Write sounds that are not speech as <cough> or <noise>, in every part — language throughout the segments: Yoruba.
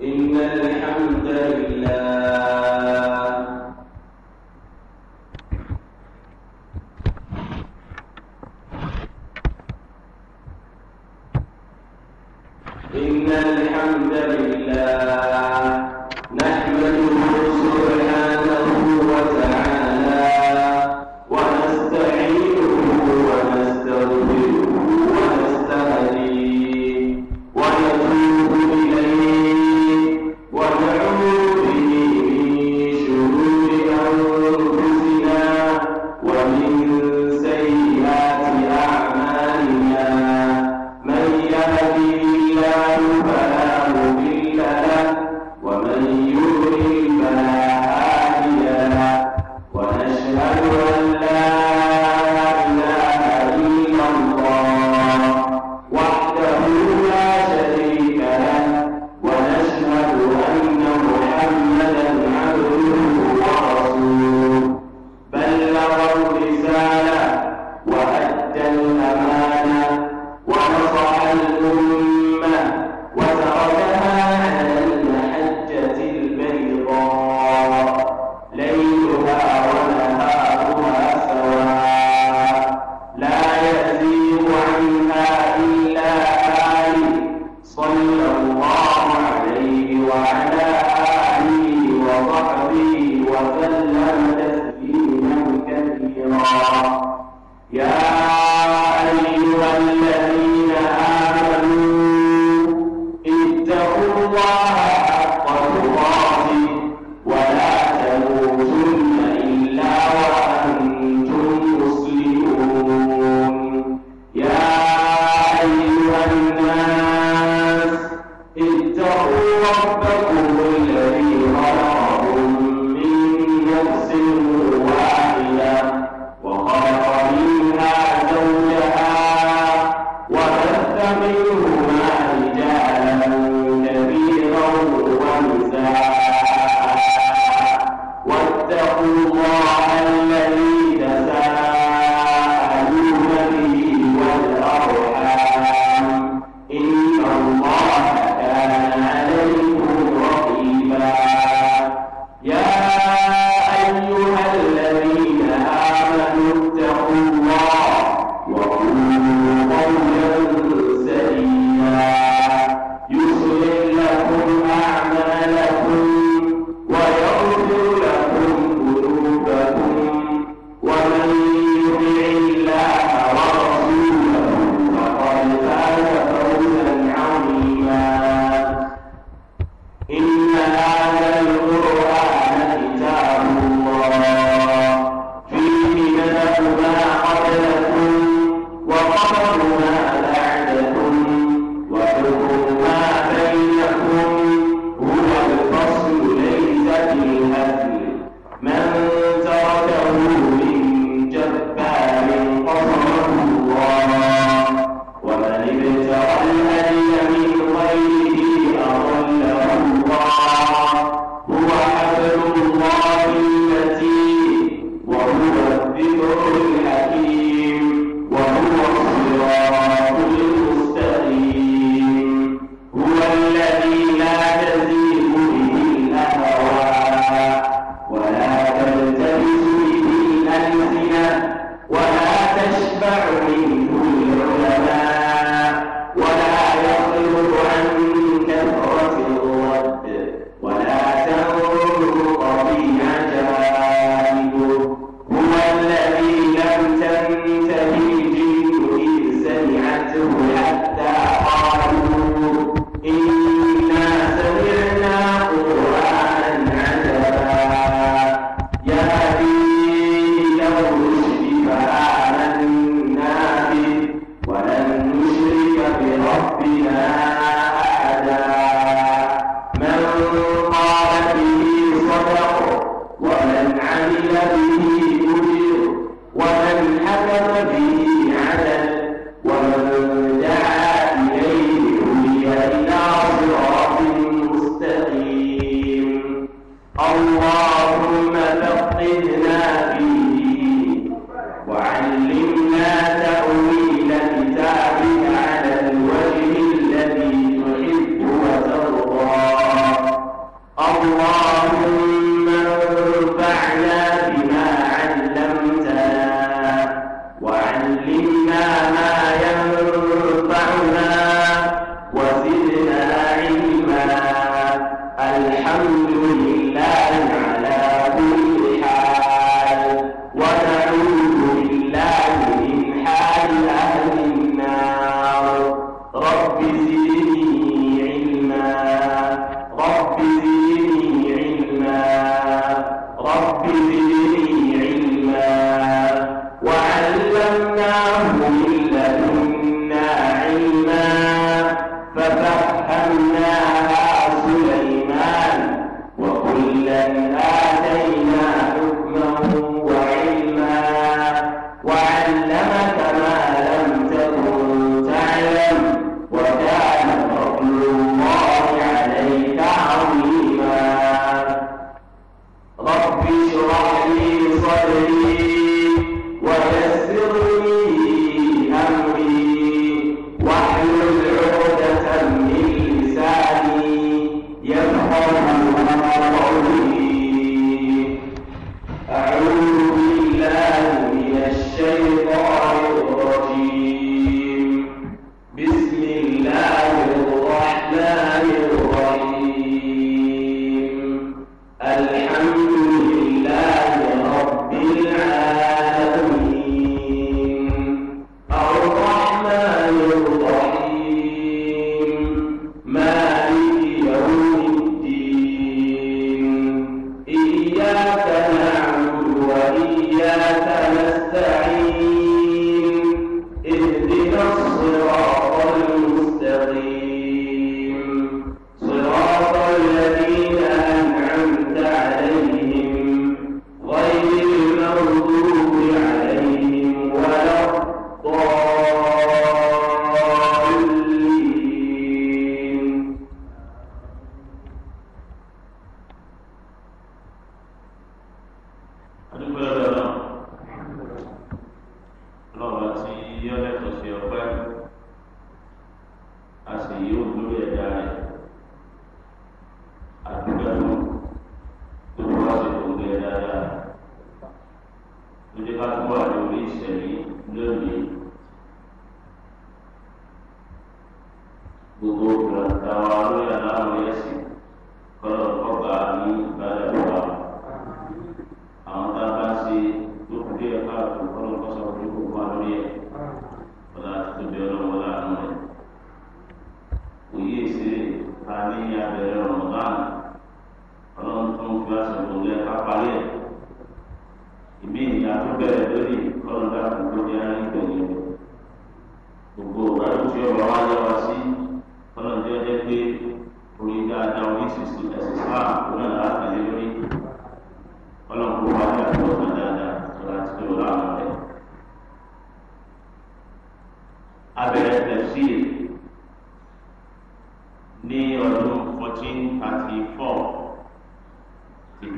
إن الحمد لله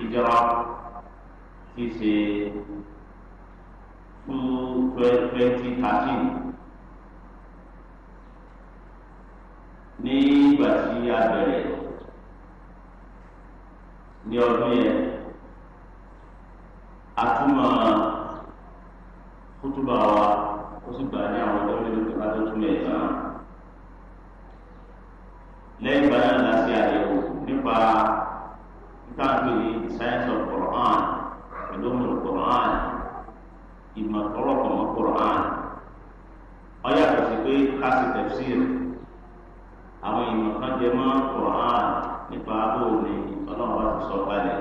ìjọra ṣíṣe fún twenty thirteen nígbà tí a bẹ̀rẹ̀ ní ọdún yẹn a tún máa kútùbà wa ó sì gbà ní àwọn ọdún nínú kíkà tó tún lè tán lẹ́yìn báyìí la ṣe àyẹ̀wò nípa káàkiri science of Quran ulumul Quran ìmọ̀ tọrọkọ̀ mọ́ Quran ọyà tó ti pé kásì tafsir àwọn ìmọ̀ kan Quran nípa bóòlù ọlọ́run bá ti sọ kalẹ̀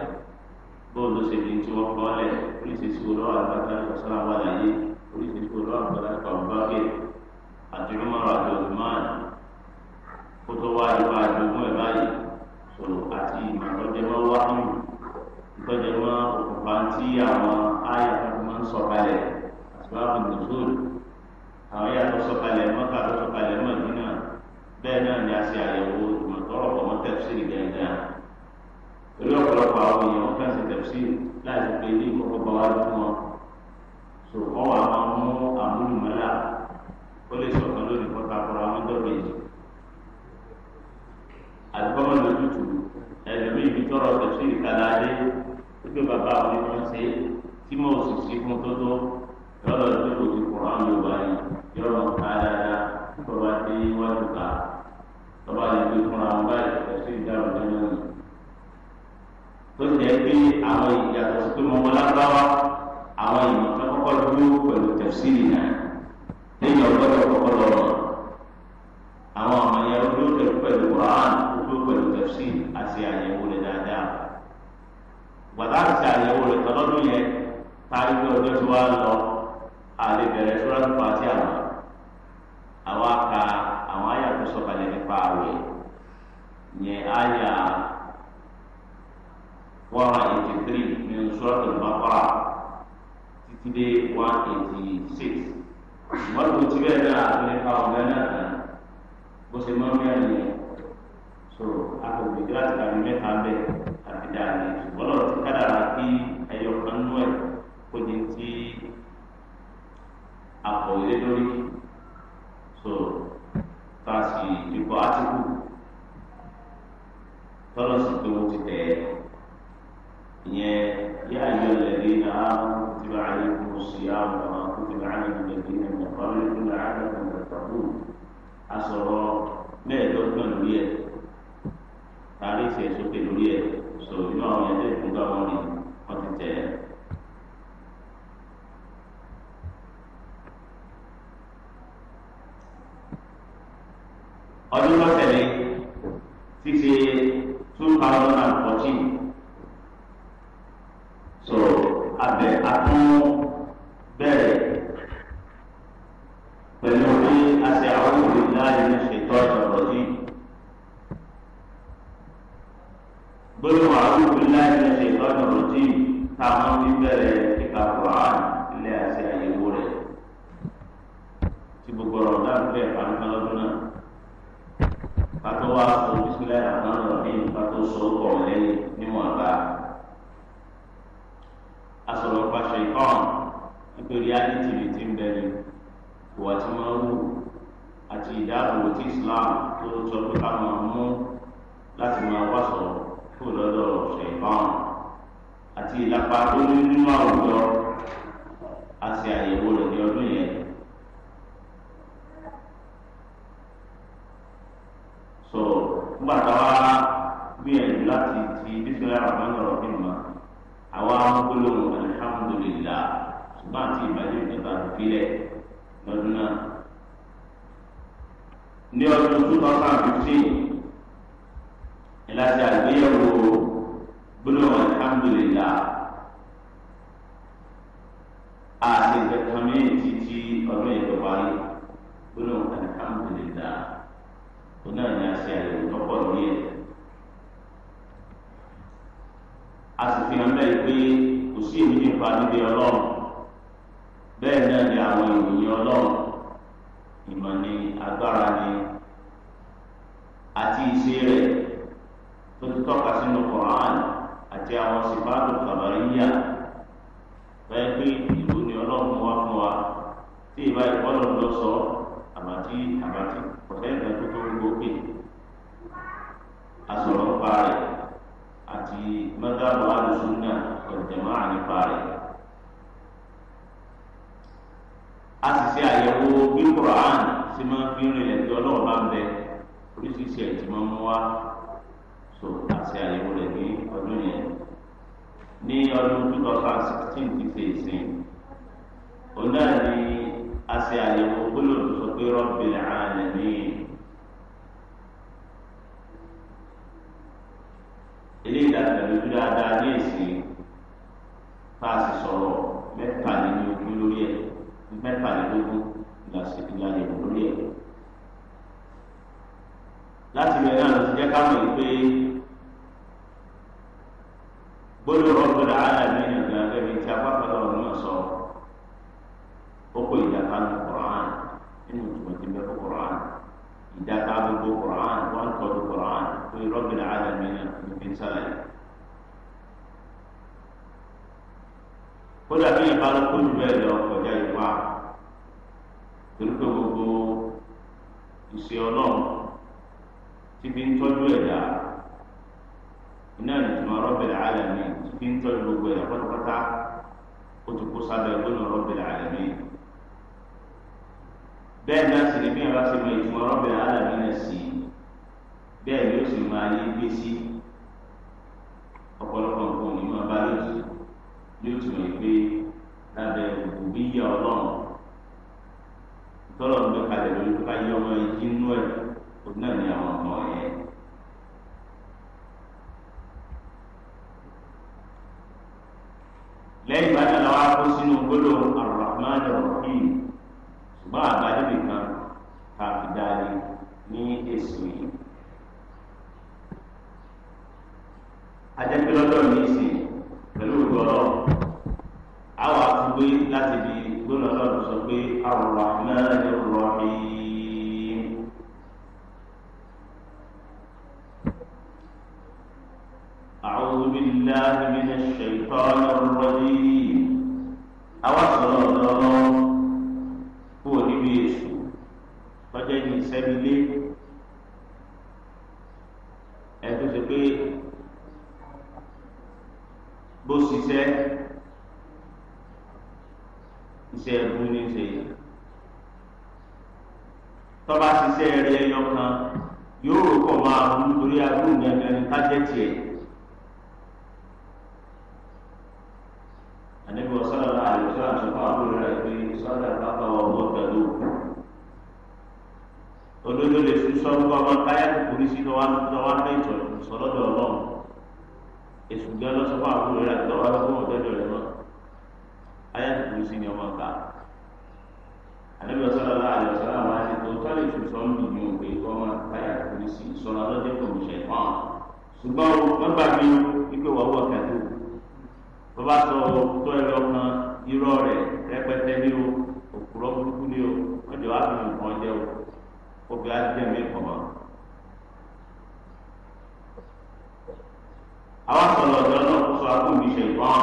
bóòlù ṣe ní tí wọ́n kọ́ lẹ̀ oríṣiríṣi olóòwò àgbàdo ìṣọ́nà wà láyé oríṣiríṣi olóòwò àgbàdo ìpàwọ́bákẹ́ àti rúmọ̀rọ̀ àti òdùmáà kótó wá so àti ìtọ́jẹ́mọ́ wáyù ìtọ́jẹ́mọ́ òkùnfà tí àwọn àyà tó máa ń sọ̀kalẹ̀ àtúbàbù nùsùlù àwọn àyà tó sọ̀kalẹ̀ mọ́ta tó sọ̀kalẹ̀ mọ́ ìdínà bẹ́ẹ̀ náà ni a ṣe àyẹ̀wò ìmọ̀tọ́rọ̀ pọ̀ mọ́ tẹ̀síìrì gẹ̀ẹ́gẹ́ torí ọ̀pọ̀lọpọ̀ àwọn èèyàn fẹ́ ṣe tẹ̀síìrì láti pé ilé ìkọ̀kọ̀ bá wá fún so ọwọ́ àwọn mú àmúlùmọ́lá ó lè sọ̀kan lónìí kọ́ta kọ́ra àdìgbọ́mọ lójútù ẹlòmí ibi tọrọ tẹsí ìkàlà dé wípé bàbá àwọn ẹni wọn ṣe tí mo sì sí fún tótó yọrọ tó kò ti kùrọ̀ àwọn yorùbá yìí yọrọ ká dáadáa tọba dé iwájú ká tọba lè fi fúnra wọn báyìí tẹsí ìdáhùn lẹ́nu yìí tó jẹ́ pé àwọn ìyàtọ̀ sí pé mo mọ lágbáwá àwọn ìmọ̀ tó kọ́kọ́ dúró pẹ̀lú tẹ̀sí ìyàn lẹ́yìn ọgbọ́dọ̀ kọ́kọ́ lọ́rọ̀ àwọn ọmọ yẹn ojú rẹ pẹ̀lú Quran ojú pẹ̀lú tafsir àti àyẹ̀wò rẹ dáadáa gbàdá àti àyẹ̀wò rẹ tọlọdún yẹn parí pé ọjọ́ tí wàá lọ àlè bẹ̀rẹ̀ sọlá pàtí àwọn àwọn aka àwọn àyà tó sọ̀kalẹ̀ nípa àwẹ̀ yẹn àyà one eighty three ní Suratul Baqara títí dé one eighty six ìmọ̀lùkù tí bẹ́ẹ̀ náà nípa ọ̀gá náà bó ṣe máa ń rìn àyè so àgbègbè gíláàsì tàbí mẹ́ta bẹ́ẹ̀ àti dáadé ṣùgbọ́n lọ́rọ̀ tí kádàrá kí ẹyọ kan nú ẹ̀ kó di ti àkọ̀wé lórí so tá a sì fi kọ́ átíkù tọ́lọ̀ sí pé mo ti tẹ̀ ẹ́ ìyẹn yá ayọ̀ lẹ́lẹ́ náà kutiba alaykum as-siyam kama kutiba ala alladhina min qablikum la'allakum tattaqun asọ̀rọ̀ mẹ́ẹ̀ẹ́dọ́gbọ̀n lórí ẹ̀ tàbí ìṣẹ̀ sókè lórí ẹ̀ sọ inú àwọn ẹ̀dẹ́ ìfúngbà wọn ni wọ́n ti tẹ̀ ẹ́. ọdún lọ́tẹ̀lé. eléyìí dáadáa lójú dáadáa ní èsì tá a sì sọ̀rọ̀ mẹ́tàlélógún lórí ẹ̀ mẹ́tàlélógún ìlàsìkìlàyè lórí ẹ̀. láti bẹ̀rẹ̀ náà ló ti jẹ́ ká mọ̀ pé gbọ́dọ̀ rọ́gbọ̀dọ̀ àádàbí nàìjíríà gẹ́gẹ́ tí apákanlọ́ ọ̀run náà sọ ó kó ìdàkà ní kọ̀ọ̀án nínú ìtumọ̀ tí mẹ́kọ̀ kọ̀ọ̀án ìdàkà gbogbo kọ̀ọ̀án wọ́n tọ́jú kọ̀ọ̀án pé رب العالمين من ní fi ń sàlàyé. kódà bí ìbá ló kó jù bẹ́ẹ̀ lọ kọjá ìwà torí pé gbogbo ìṣe ọlọ́run ti fi ń tọ́jú ẹ̀dá iná ìtumọ̀ rọ́bìn àádàmí ti fi ń tọ́jú gbogbo ẹ̀dá pátápátá ó ti kó sábẹ́ gbọ́dọ̀ rọ́bìn àádàmí bẹ́ẹ̀ náà sì ni bí ìbá ṣe mọ ìtumọ̀ rọ́bìn àádàmí náà sí i bẹ́ẹ̀ ni ó sì máa yé gbé sí ọ̀pọ̀lọpọ̀ nǹkan ní máa bá lòdì yóò tún yẹ pé lábẹ́ òkú bí yẹ ọlọ́run tọ́lọ̀ ń gbé kalẹ̀ lórí tó bá yẹ ọmọ ẹjí nú ẹ̀ òun náà ní àwọn ọmọ yẹn. lẹ́yìn ìgbà náà lọ́wọ́ kó sínú gbólóhùn Ar-Rahman Ar-Rahim ṣùgbọ́n àbájáde kan kàfi dáadé ní èsì yìí. ajẹ́pẹ́lọ́dọ̀ ní ìsìn pẹ̀lú ògbọ́lọ́ àwọn àtúgbé láti di gbọ́dọ̀ lọ́dún sọ pé àrùwà náà ní òrùwà mi. أعوذ بالله من الشيطان الرجيم أوصل الله هو نبيس فجأني سبيلي أتوسكي bó ṣiṣẹ́ iṣẹ́ ẹ̀bú ní ṣe tọ́ba ṣiṣẹ́ rẹ̀ ẹyọ kan yóò rò pọ̀ máa rún nítorí agbóhùn gẹ́gẹ́ ní tájẹ́tì ẹ̀. àníbọ̀ sọ́dọ̀ náà àlùfáà tó fà wọ́n rẹ̀ pé sọ́dọ̀ àbáfà wọn bọ́ pẹ̀lú olódó lè fi sọ́dọ̀ ọmọ káyà kúkúrú sínú wa ní ìtọ́jú sọ́dọ̀ ọlọ́run èsù gbé ọlọ́sọ fún àbúrò rẹ lọ́wọ́ alọ́gbọ́n ọ̀dọ́dọ̀ rẹ mọ́ ayé àtìkú sí ni ọmọ ká àdébí ọ̀sán lọ́la àdé ọ̀sán lọ́la wá sí tó tọ́lé ìfù sọ́ọ́ nù ní òkè kọ́ ọmọ ayé àtìkú sí sọ́nà ọlọ́dẹ kò ní ṣe pọ́n ṣùgbọ́n wọ́n gbà mí wípé wọ́n wọ̀ kẹ́tù tó bá sọ tó ẹ̀rọ kan irọ́ rẹ̀ rẹpẹtẹ ní o òkúrọ́ burúkú ní o wọ́n jọ fi nǹkan àwọn sọ̀rọ̀ ọ̀dọ́ náà kó sọ àgbo mi ṣe ìbọn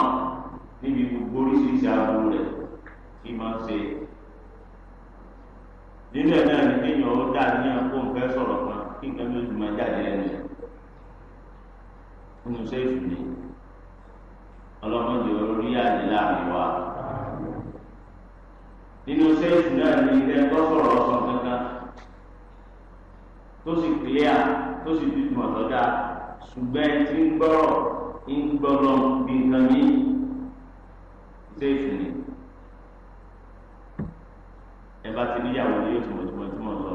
níbi gbogbo oríṣiríṣi àbúrò rẹ̀ kí n máa ṣe. nílẹ̀ náà ni kéèyàn ó dá ní àpò nǹkan sọ̀rọ̀ kan kí nǹkan bí oṣù máa jáde lẹ́nu rẹ̀. nínú sẹ́ẹ̀fù ni ọlọ́mọdé orí àdé láàrin wa. nínú sẹ́ẹ̀fù náà ni ẹgbẹ́ sọ̀rọ̀ ọ̀sán kankan tó sì kílíà tó sì dùdùn ọ̀tọ̀ dáa ṣùgbọ́n ẹ ti ń gbọ́rọ̀ ń gbọ́rọ̀ bí nǹkan mi ṣe é fún mi. ẹ bá ti níyàwó ní yóò tìmọ̀tìmọ̀ tí mo sọ.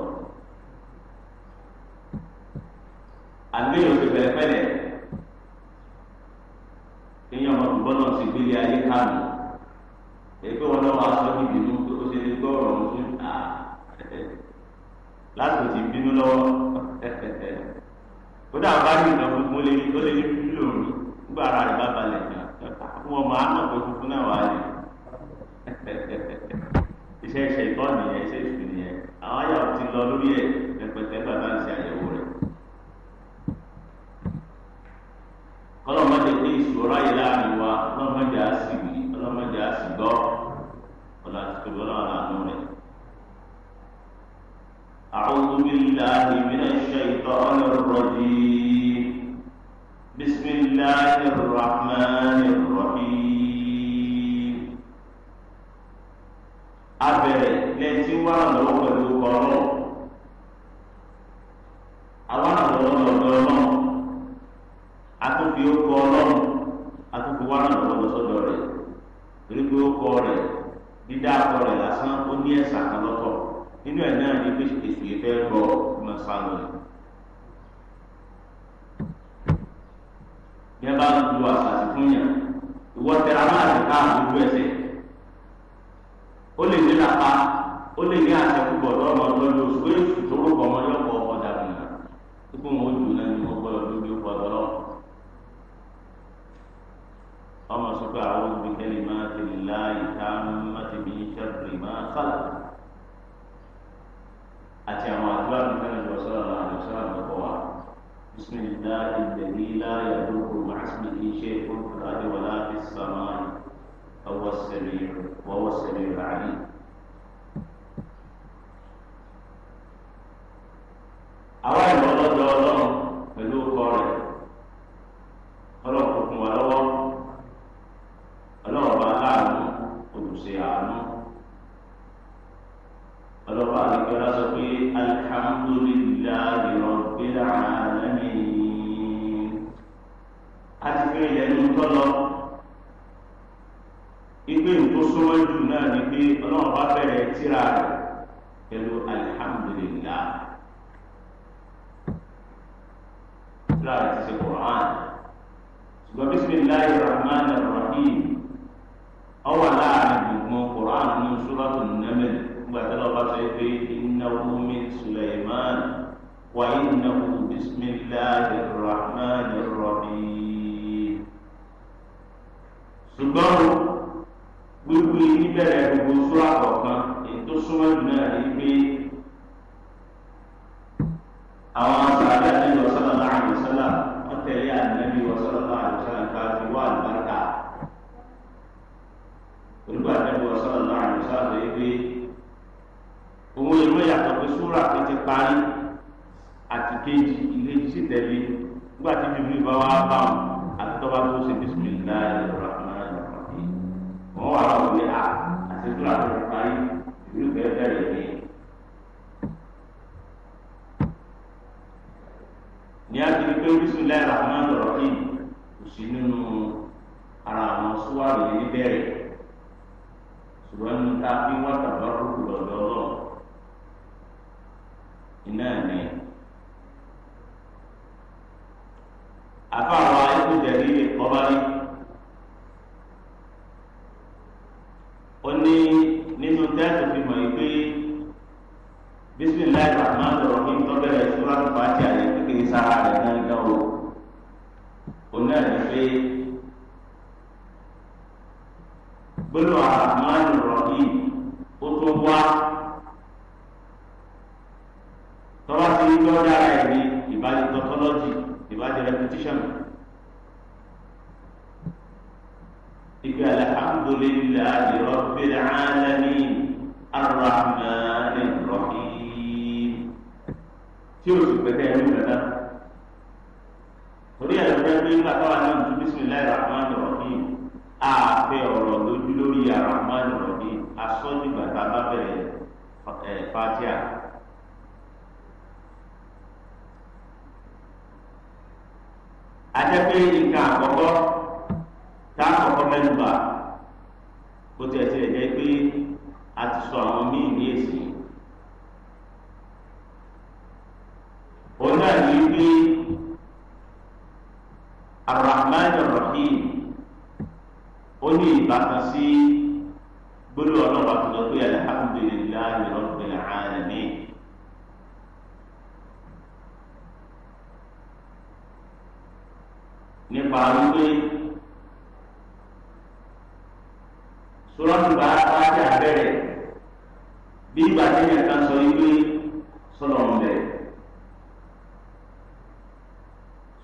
àgbẹ̀ yóò ti bẹ̀rẹ̀ pẹ̀lẹ́ kéèyàn ọmọ tó gbọ́dọ̀ sí gbélé ayé kánú ẹgbẹ́ wọn lọ́wọ́ aṣọ níbi inú ó ṣe lè gbọ́ ọ̀rọ̀ ọ̀hún ah, <laughs> láti ti bínú lọ́wọ́. <laughs> ó dà bá ní nǹkan funfun lé ó lé ní fílò mi nígbà ara rẹ̀ bá balẹ̀ gan wọn máa ń nàkó funfun náà wà ní. <laughs> iṣẹ́ iṣẹ́ ìtọ́ nìyẹn iṣẹ́ ìṣù nìyẹn àwọn ayà ti lọ lórí ẹ̀ rẹpẹtẹ bàbá ń àyẹ̀wò rẹ̀. kọ́lọ́mọdé ní ìṣòro ayé láàrin wa kọ́lọ́mọdé á sì wí kọ́lọ́mọdé á sì gbọ́ ọ̀là àti tòbí ọlọ́run àánú rẹ̀. أعوذ بالله من الشيطان الرجيم بسم الله الرحمن الرحيم abẹ̀rẹ̀ lẹ́tí wà lọ́wọ́ pẹ̀lú kọ́rọ́ àwọn àlọ́ lọ́dọ̀ náà atúfi ó kọ́ ọlọ́run atúfi wà lọ́wọ́ lọ́sọ̀dọ̀ rẹ̀ torí pé ó kọ́ rẹ̀ dídá akọ rẹ̀ lásán ó ní ẹ̀sà kan lọ́tọ̀ nínú ẹ̀ náà ni pèsèpèsè yìí fẹ́ rọ ọmọ sálọ rẹ̀. bí a bá ń lu àṣàṣì fún yàn ìwọ tẹ aláàbò káàbò ojú ẹsẹ̀ ó lè ní lápá ó lè ní àṣẹ púpọ̀ lọ́nà lọ́dún oṣù èṣù tó rọ̀ ọmọ yọ̀pọ̀ ọ̀dà nìyà tó fún wọn jù náà ní gbogbo ọdún bí ó pọ̀ lọ́rọ̀ ọmọ sọ́kà àwọn olùdíkẹ́lì máa tẹ̀lé láàyè tá máa tẹ̀lé ìṣẹ́rù máa sálà. أتي أما أدبار صلى الله عليه وسلم بقوة بسم الله الذي لا يدرك مع اسمه شيء في الأرض ولا في السماء السميع وهو السميع العليم àkọ́kọ́ mẹ́nuba bó tiẹ̀ tiẹ̀ jẹ́ pé a ti sọ àwọn míì ní èsì. òun náà ní pé Ar-Rahman Ar-Rahim ó ní ìbátan sí gbólóhùn ọlọ́run àtúntò pé alhamdulillahi rabbil alamin. nípa wípé. sọ́lọ́tù bá wájà bẹ̀rẹ̀ bí ìgbà tí yẹn kan sọ ìwé sọlọ ń bẹ̀rẹ̀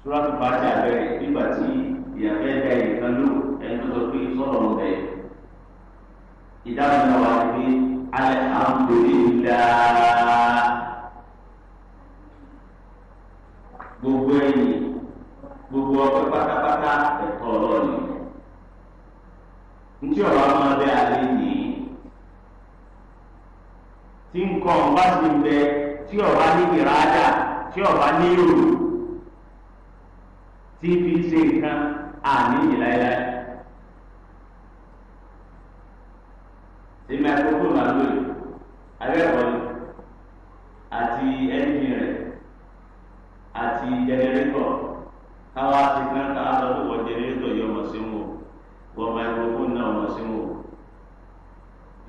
sọ́lọ́tù bá wájà bẹ̀rẹ̀ bí ìgbà tí ìyàgbẹ́ ẹ̀ka ìkan ló ẹni tó sọ pé sọlọ ń bẹ̀rẹ̀ ìdáhùn náà wà gbogbo ẹ̀yìn gbogbo ọ̀pẹ pátá. ntí ọ̀rọ̀ ọmọdé alẹ́ yìí tí nǹkan bá ti bẹ tí ọba ní ìrajà tí ọba ní ìròyìn tí fi ṣe nǹkan àní ìláyàlá. èmi àkókò máa lò yìí abẹ́ẹ̀kọ́ ni àti ẹ́ńjìn rẹ̀ àti jẹnẹrétọ̀ káwá ti kán káwá lọ́dún wọ jẹnẹrétọ̀ yọmọ sí wọn wọ́n microphone náà wọ́n sí wọn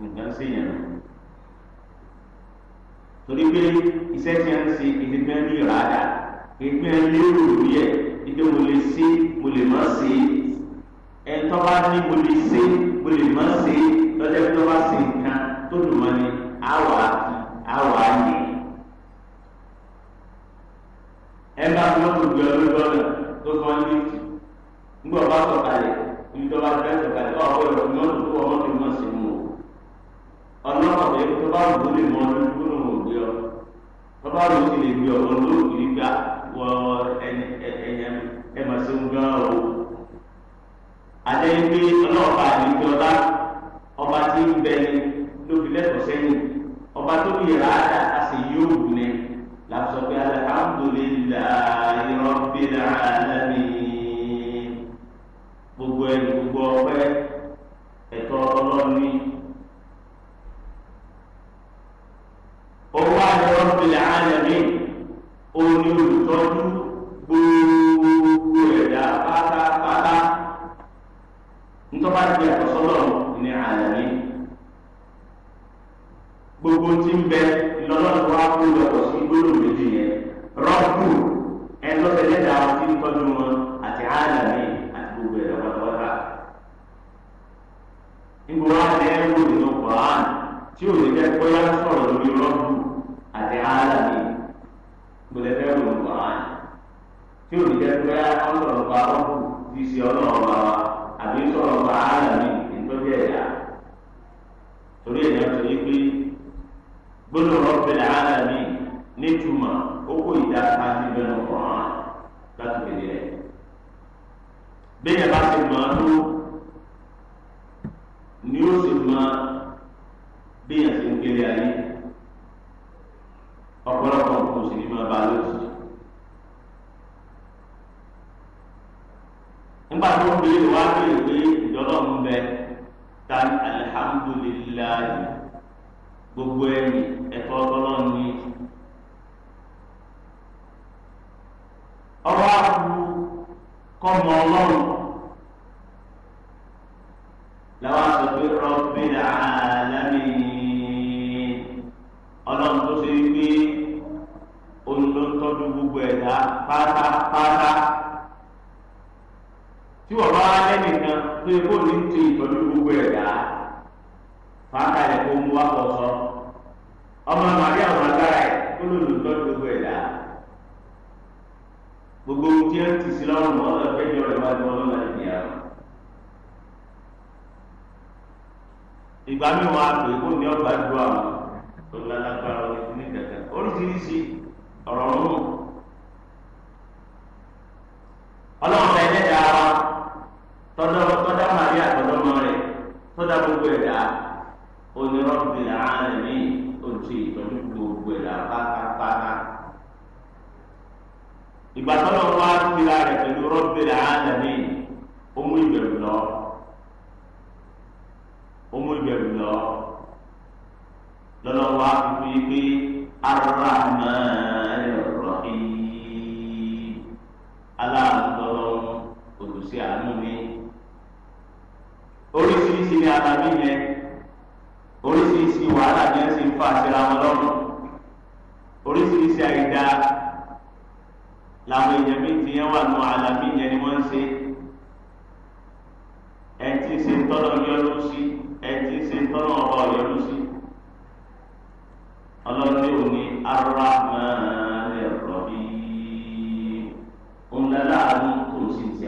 nǹkan sí yẹn torí pé iṣẹ́ tí a ń ṣe ìdígbẹ́ ní ìràdà ìgbẹ́ lérò lórí ẹ̀ ìdí mo lè ṣe mo lè má ṣe ẹ tó bá ní mo lè ṣe mo lè má ṣe lọ́jọ́ tó bá ṣe nǹkan tó dùn mọ́ ni àwà àwà yẹ. ẹ bá fi lọ́kùnrin ọlọ́gbọ́n tó kọ́ ní ńgbọ́ bá sọ̀kalẹ̀ ìjọba àtẹ̀sẹ̀ kàtí wà wọ́n ìrọ̀lú mọ́tò tó ọmọ tó mọ̀ sí mu ọ̀nà ọ̀bẹ tó bá wù ú lè mọ ọdún tó lò wọ́n gbé ọ tó bá wù ú sì lè gbé ọ ọdún tó kì í gbà wọ ẹ̀yẹ ẹ̀mọ̀ sí ń gbọ́n o. àtẹ̀yìn pé ọlọ́ọ̀bà àdìjọba ọba tí ń bẹ ni lóbi lẹ́tọ̀ọ́ sẹ́yìn ọba tó bí ra àdá àṣeyí òògùn ni làbùsọ̀ pé alhamdulillahi rabbil alamin gbogbo ẹni gbogbo ọpẹ́ ẹ̀tọ́ ọlọ́ọ̀ni. owó àjọ ìpìlẹ̀ àjẹmí òní olùtọ́jú gbogbo ẹ̀dá pátápátá nítorí àti àtọ̀sọ́lọ̀ ní àjẹmí gbogbo tí ń bẹ lọ́lọ́dún wa kó lọ́pọ̀ sí gbólóhùn méjì yẹn rọ́pù.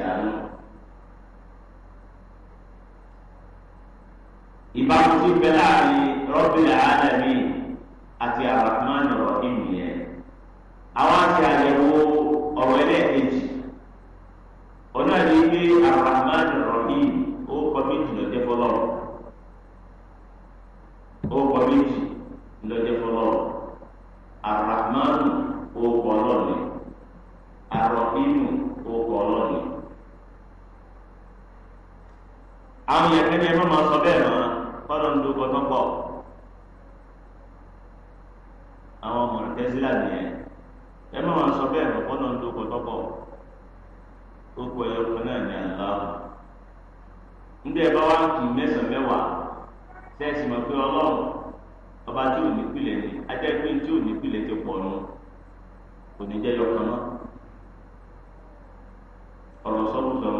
àánú. ìbámu ti bẹ láàrin Rabbil Alamin àti Ar-Rahman Ar-Rahim yẹn àwọn e. àti àyẹ̀wò ọ̀rọ̀ ẹlẹ́ẹ̀kejì ọ̀nà yìí ní Ar-Rahman Ar-Rahim ó kọ méjì lọ́jẹ́ fọlọ́ ó kọ méjì lọ́jẹ́ fọlọ́ ar ó kọ lọ́ọ̀lẹ́ Ar-Rahim ó kọ lọ́ọ̀lẹ́. àwọn yẹn kẹ́ni ẹmọ má máa sọ bẹ́ẹ̀ náà fọlọ́ ń dúpọ̀ tó pọ̀ àwọn ọmọ rẹ̀ tẹ́sílà nìyẹn máa sọ bẹ́ẹ̀ náà fọlọ́ ń dúpọ̀ tó pọ̀ na kọ ẹ náà ní aláwọ̀ níbi ẹ bá wá kì í án pé ọba tí ò ní ni tí ò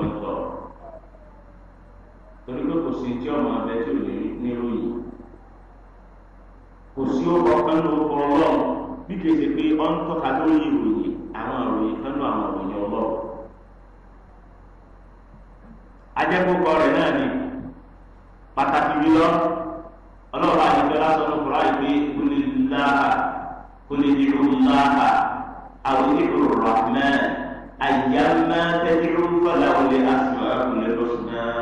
ní torí pé kò sí tí ọmọ abẹ tí ò lè ní ròyìn kò sí ó kọkàn ló kọ ọlọ́run bí kìí ṣe pé ọ ń tọ́ka lórí ìròyìn àwọn ìròyìn kan lọ àwọn ìròyìn ọlọ́run ajẹ́kọ̀ọ́kọ rẹ̀ náà ni pàtàkì jùlọ ọlọ́run àyẹ̀kọ́ lásán ló kọ́ra ìpè kúlélàhà kúlélàhà àwọn ìdíkùrù rahman àyàmá tẹ́tí rúfọ́lá olè asùnmọ́ àkùnrin lọ́sùn náà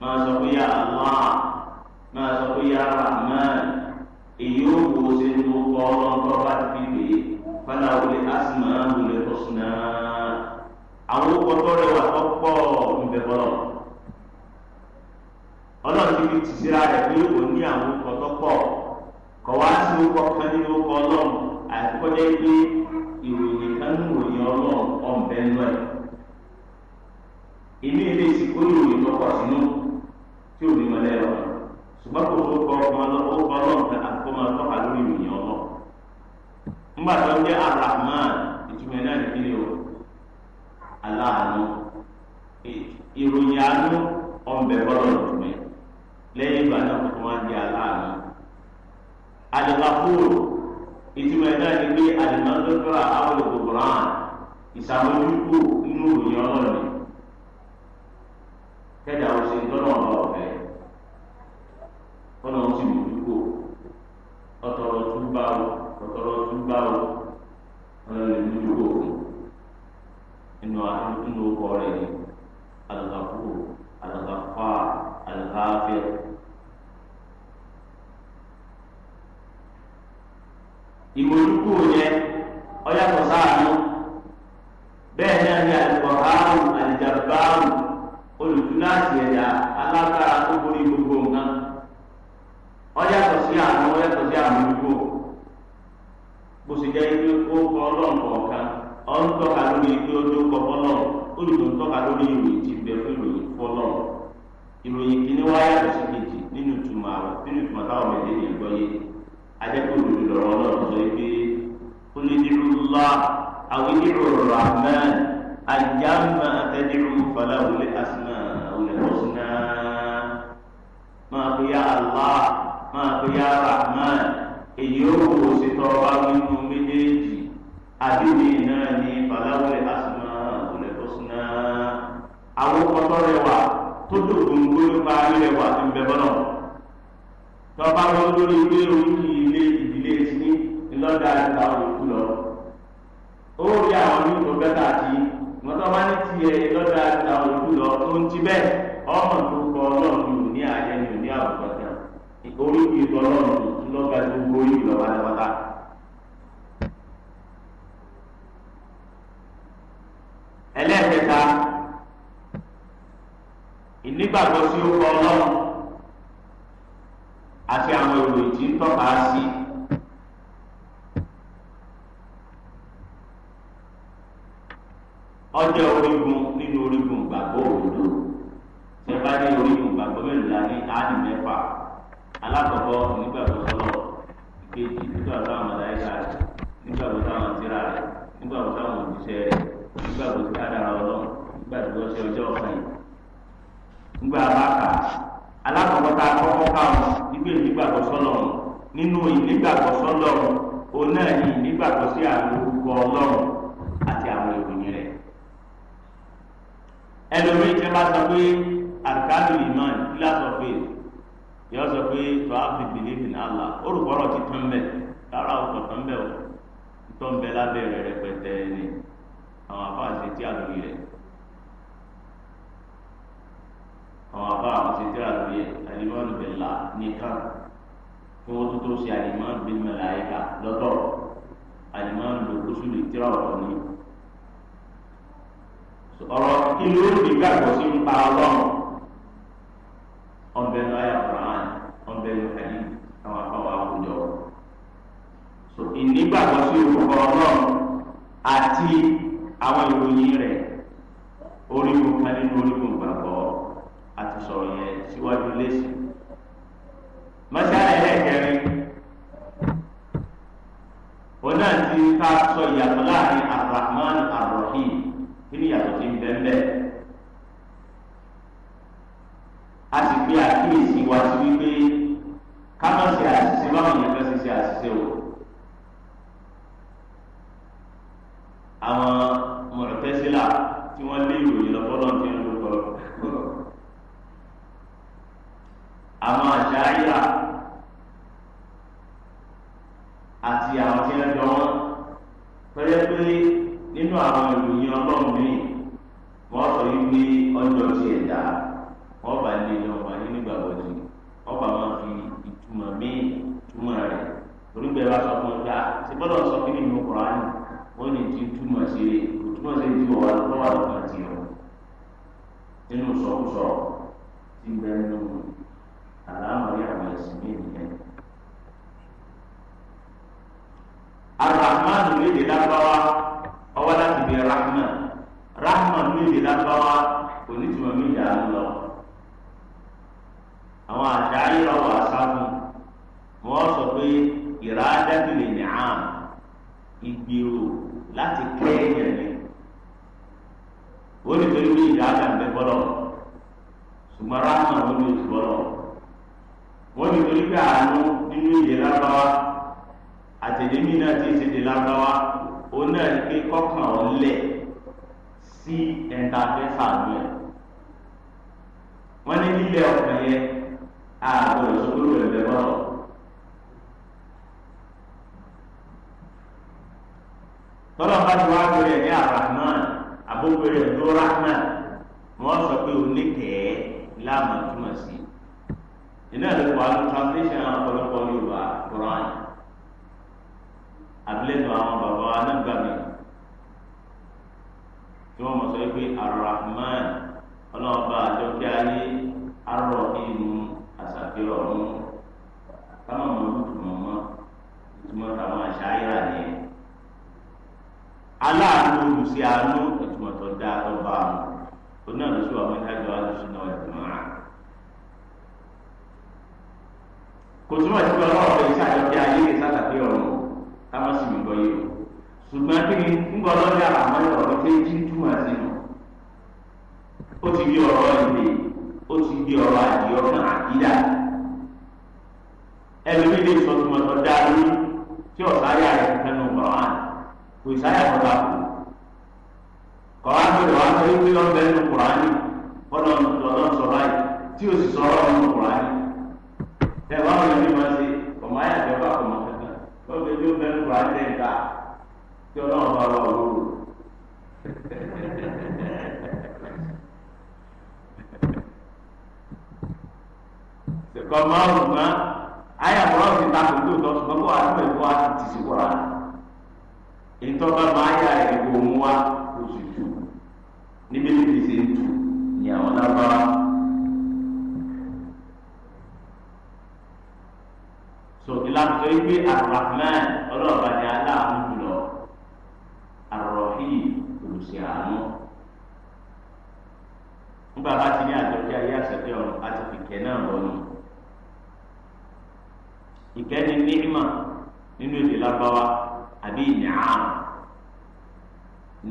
máa sọ pé yà Allah máa sọ pé yà Rahman èyí ó wo ṣe ń lo kọ́ ọlọ́ńtọ́ bá ti fi pè é fẹ́lá wọlé asìmọ́ wọlé ọ̀sùnà àwọn ọkọ̀ rẹwà tó pọ̀ níbẹ̀ bọ́lọ̀ ọlọ́run ti fi tìsíra rẹ̀ pé ó ní àwọn ọkọ̀ tó pọ̀ wá sí ọkọ̀ kan nínú ọkọ̀ ọlọ́run àìkọ́jẹ́ pé ìròyìn kan ń ròyìn ọlọ́run ọ̀nbẹ́ńlọ́ẹ̀ ìní ilé ìsìnkú ìròyìn tó pọ̀ sínú tí ò ní mọ lẹ́yìn ọ̀nà ṣùgbọ́n kò tó kọ ọmọ ọlọ́wọ́ kọ ọlọ́run kan àti kọ́ máa tọ́ka lórí ìròyìn ọlọ́ ńgbà tó ń jẹ́ Ar-Rahman ìtumọ̀ náà ní kí ni o aláàánú ìròyìn àánú ọ̀nbẹ̀ bọ́lọ̀ lọ́dún lẹ́yìn ìgbà náà kò tó máa di aláàánú Al-Ghafur ìtumọ̀ náà ni pé àdìmọ́tòkòrò àwọn ìgbòkòrò hàn ìsàmójúkò inú ìròyìn ọlọ́run kẹ́ni àwọn ṣe lọ́nà ọ̀nà ọ̀fẹ́ ọ̀nà ọ̀sìn ìdúgbò ọ̀tọ̀rọ̀ tún bá o ọ̀tọ̀rọ̀ tún bá o ọ̀nà ìdúgbò inú inú ọkọ rẹ̀ ni alàkó alàkàfà alàkàfẹ́. ìmọ̀lúkú yẹn. Amen. àwọn ìròyìn rẹ̀ orígun kan nínú orígun gbàgbọ́ àti sọ̀rọ̀ yẹn síwájú lẹ́sìn. mọ́ṣáláì ẹlẹ́kẹrin òun náà ti ká sọ ìyàtọ̀ láàrin Ar-Rahman Ar-Rahim kí ni ìyàtọ̀ ti ń bẹ́ẹ̀ bẹ́ẹ̀. ẹlòmíì lè sọ tuma tó dáa ní tí ọ̀sáyà rẹ̀ kẹ́nu bàwá kò ìsáyà kọ́ ta kù kọ́ wá pé wàá pé pé wọ́n bẹ nínú kùránì bọ́dọ̀ lọ́dọ̀ sọ báyìí tí o sì sọ̀rọ̀ nínú kùránì tẹ̀ wá wọlé mi máa ṣe ọmọ ayé àgbẹ̀ bá kọ̀mọ̀ kankan wọ́n bẹ tí o bẹ nínú kùránì tẹ̀ ń ta tí ọlọ́run bá wà <laughs> ayé àwòrán ti ta kòtò lọ ṣùgbọ́n kó àdúgbò ìfọ́ àti tìsí wọ́n rà ìtọ́ba máa yà ìdìbò mú wa oṣù tù níbi tí ti ṣe ń tù ní àwọn lábára. so ìlànà sọ wípé Ar-Rahman ọlọ́ọ̀bá ni aláàánú jùlọ Ar-Rahim olùsìn àánú nígbà bá ti ní àjọkí ayé àṣẹ pé ọ̀run àti fìkẹ́ náà lọ́nà ìkẹ́ni níhìmà nínú èdè lágbáwá àbí ìnìyàn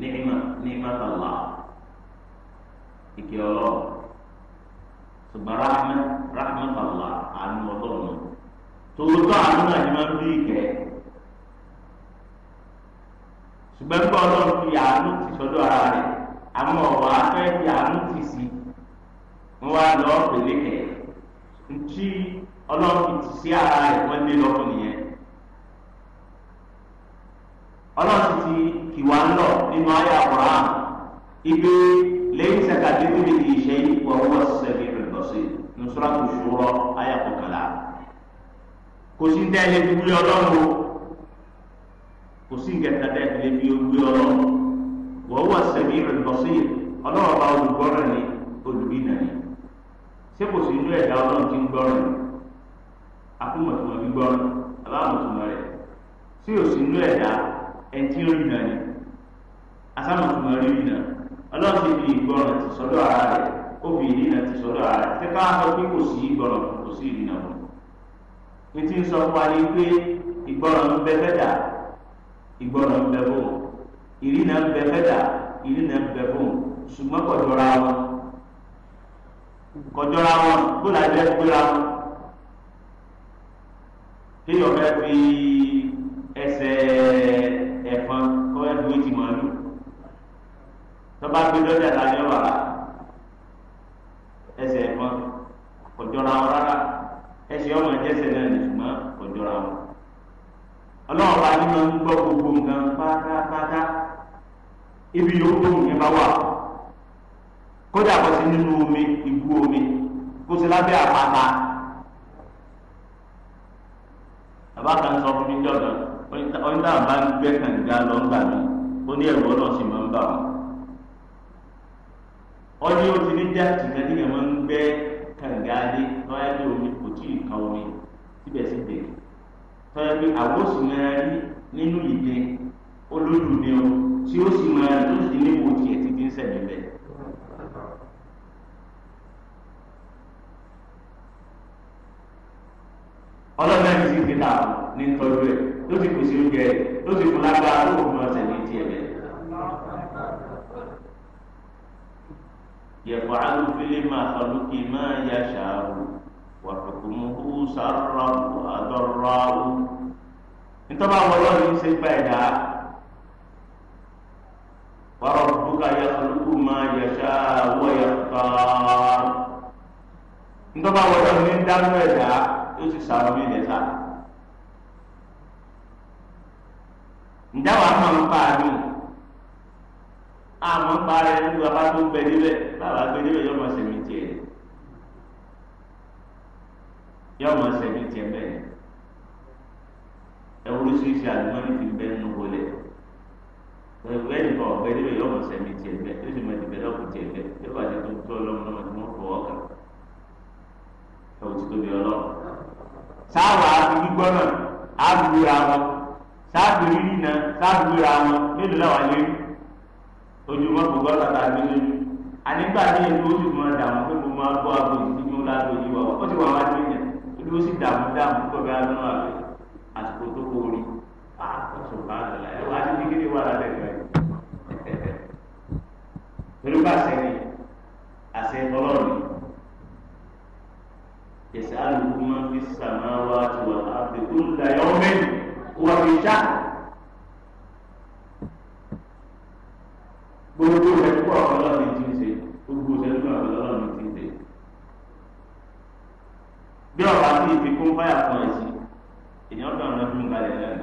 níhìmà níhìmà tàlá ìkẹ́ ọlọ́run ṣùgbọ́n ráhmà ráhmà tàlá àánú ọlọ́run tòótọ́ àánú náà ni máa ń bí ìkẹ́ ṣùgbọ́n bí ọlọ́run fi àánú ti sọ́dọ̀ ara rẹ̀ àmọ́ ọ̀wá fẹ́ fi àánú ti sí wọ́n wá lọ́ọ́ pèlékẹ́ ntí ọlọ́run ti sí ara rẹ̀ wọ́n lé lọ́kùn nìyẹn ọlọ́run ti kì wá ń lọ nínú ayé àkùrán ibi lẹ́yìn sẹ́kàdé níbi kì í ṣe ìwà owó ṣẹlẹ̀ rẹ̀ lọ́sẹ̀ nùsọ́rọ́ kò ṣòro ayé àkọ́kọ́lá kò sí ń tẹ́lẹ̀ wúlé ọlọ́run kò sí ń kẹta tẹ́lẹ̀ bí wúlé ọlọ́run wọ́n wọ́n ṣẹlẹ̀ rẹ̀ ọlọ́run bá olùgbọ́ràn ni olùbí nàní ṣé kò sí ẹ̀dá ọlọ́run ti ń gbọ́ràn ni akúmọ̀tìmọ̀ gbígbọ́ abámọ̀tìmọ̀ rẹ̀ tí o sì nú ẹ̀dá ẹ̀ tí ó rí náà ni asámọ̀tìmọ̀ rí rí náà ọlọ́run ti fi ìgbọràn ti sọ́dọ̀ ara rẹ̀ ó fi ìdínà ti sọ́dọ̀ ara rẹ̀ tẹ́ká sọ pé kò sí ìgbọràn kò sí ìdínà wọn. ní ti ń sọ fún wa ni pé ìgbọràn ń bẹ fẹ́dà ìgbọràn ń bẹ fún ìrìnà ń bẹ fẹ́dà ìrìnà ń bẹ téèyàn bẹ fi ẹsẹ̀ ẹ̀fọn kọ́ ẹ̀fọn etí màálù tọ́ba gbé dọ́jà ta ni ọ̀rọ̀ ẹsẹ̀ ẹ̀fọn kò jọra wọn rárá ẹsẹ̀ ọmọ ẹ̀jẹ̀sẹ̀ náà lè ṣùgbọ́n kò jọra wọn. ọlọ́run bá nínú ń gbọ́ gbogbo nǹkan pátápátá ibi yóò tó nǹkan bá wà kódà kó sí nínú omi ìbú omi kó sí lábẹ́ àpáta. sọ fún mi jọ̀dọ̀ ọ̀yìn náà bá ń gbẹ́ kànga lọ ń gbà mí ó ní ẹ̀rọ náà sì máa ń bà wọ́n. ọdún ó ti ní jáàtì kan tí yẹn máa ń gbẹ́ kànga dé lọ́yà ní omi kò tí ì kan omi síbẹ̀síbẹ̀ tọ́yà pé àwòsì máa rí nínú ìdè olódù ni o tí ó sì máa rí tó sì níwò tiẹ̀ títí ń sẹ̀lẹ̀ bẹ́ẹ̀. ọlọ́dún ẹ̀ ti ti ta ní tọ́jú ẹ̀ ló ti pèsè oúnjẹ ẹ̀ ló ti fún lágbára ló fún ọ̀sẹ̀ ní tiẹ̀ bẹ́ẹ̀. yẹ̀fọ́ alùpùpù máa kọlùkì máa yà ṣàrù wà fòkùnmùkù sàrọ̀ àdọ̀rọ̀ àwù. nítorí àwọn ọlọ́run ṣe gba ẹ̀dá wà rọ̀bùkà yà kọlùkù máa yà ṣàrù ǹjẹ́ wàá mọ̀ nípa àmì àmọ́ pa ara ẹni tó bá tó gbẹ níbẹ̀ bàbá gbẹ níbẹ̀ yọmọ sẹ̀mí tiẹ̀ yọmọ sẹ̀mí tiẹ̀ bẹ́ẹ̀ ẹ oríṣiríṣi àlùmọ́nì ti bẹ́ẹ̀ nù wọlé ẹ̀wù ẹ̀yìn kan ọ̀gbẹ́ níbẹ̀ yọmọ sẹ̀mí tiẹ̀ bẹ́ẹ̀ yóò sì mọ ìdìbẹ́lọ́pù tiẹ̀ bẹ́ẹ̀ yóò bá jẹ́ tó tó ọlọ́mọ náà tí wọ́n kàn ẹ̀ òtítọ́ bí ọlọ́run sáà wàá fi náà á lu sáàbì rírì na, sáàbì ríra wọn nílùú làwọn lé ojúmọ́ gbogbo ọ̀tàtà gbé lójú ànígbà ní ìlú ó sì mọ dààmú pé mo máa gbọ́ àgbo ìdíjú lágbo yìí wà ó sì wà wá sí ìyẹn ìlú ó sì dààmú dààmú kọ́ bí adúlọ́ àgbẹ̀ àsìkò tó kó orí àkọsùn bá àgbẹ̀lá ẹ̀ wá sí dígídì wà lálẹ́ rẹ̀ torí bá ni àṣẹ ọlọ́run yẹ̀sẹ̀ alùpùpù máa ń fi sàmáwá tiwọn àfikún dayọ́ mẹ́rin. والرجال gbogbo rẹ kó ọlọ́run ní ti ń ṣe gbogbo ìṣẹ́jú náà ọlọ́run ní ti ń ṣe bí ọba tí ìfi kún báyà kan ẹ̀ sí èèyàn kàn rán fún balẹ̀ náà ni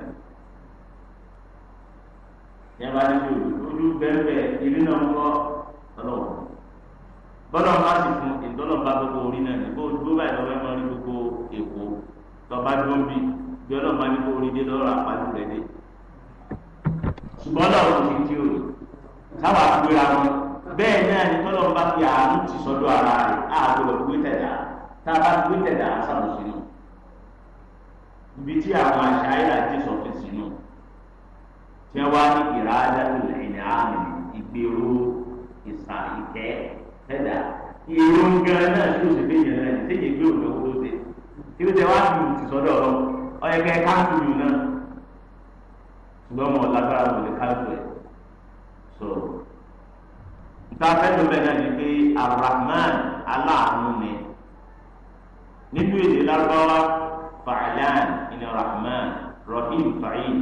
ìyẹn bá ní ojú ojú bẹ́ẹ̀ ìlú náà ń kọ́ ọlọ́run bọ́dọ̀ bá sì fún ìdọ́nà bá gbogbo orí náà ní bó báyìí lọ́wọ́ ẹ̀ máa rí gbogbo èkó lọ́ba dúró bíi bí ọlọ́run bá ní kó orí dé lọ́rọ̀ àpájú rẹ̀ dé ṣùgbọ́n ọlọ́run ti di òní sábà gbéra wọn bẹ́ẹ̀ náà ni tọ́lọ́run bá fi àánú ti sọ́dọ̀ ara rẹ̀ àgbọ̀dọ̀ gbé tẹ̀dá tá a bá gbé tẹ̀dá sàmùsí nù ibi tí àwọn àṣà ayélujára ti sọ̀fẹ̀ sí nù tí wọ́n wá ní ìràádá ilẹ̀ ìní àmì ìgbèrú ìsàn ìkẹ́ tẹ̀dá ìròǹgà náà tí ó sì fẹ́ yẹn náà tí èyí gbé òun lọ́wọ́ tó ṣe tí ó ti wá ju ìtìsọ́dọ̀ ọlọ́run ọ̀yẹ̀kẹ́ káàkiri náà ṣùgbọ́n mo lágbára mo lè káàkiri so nta fẹ́ẹ́ lọ́bẹ̀ náà ni pé arahman aláàánú ni nínú èdè lárúbáwá fàlàn ìní rahman rahim fàyín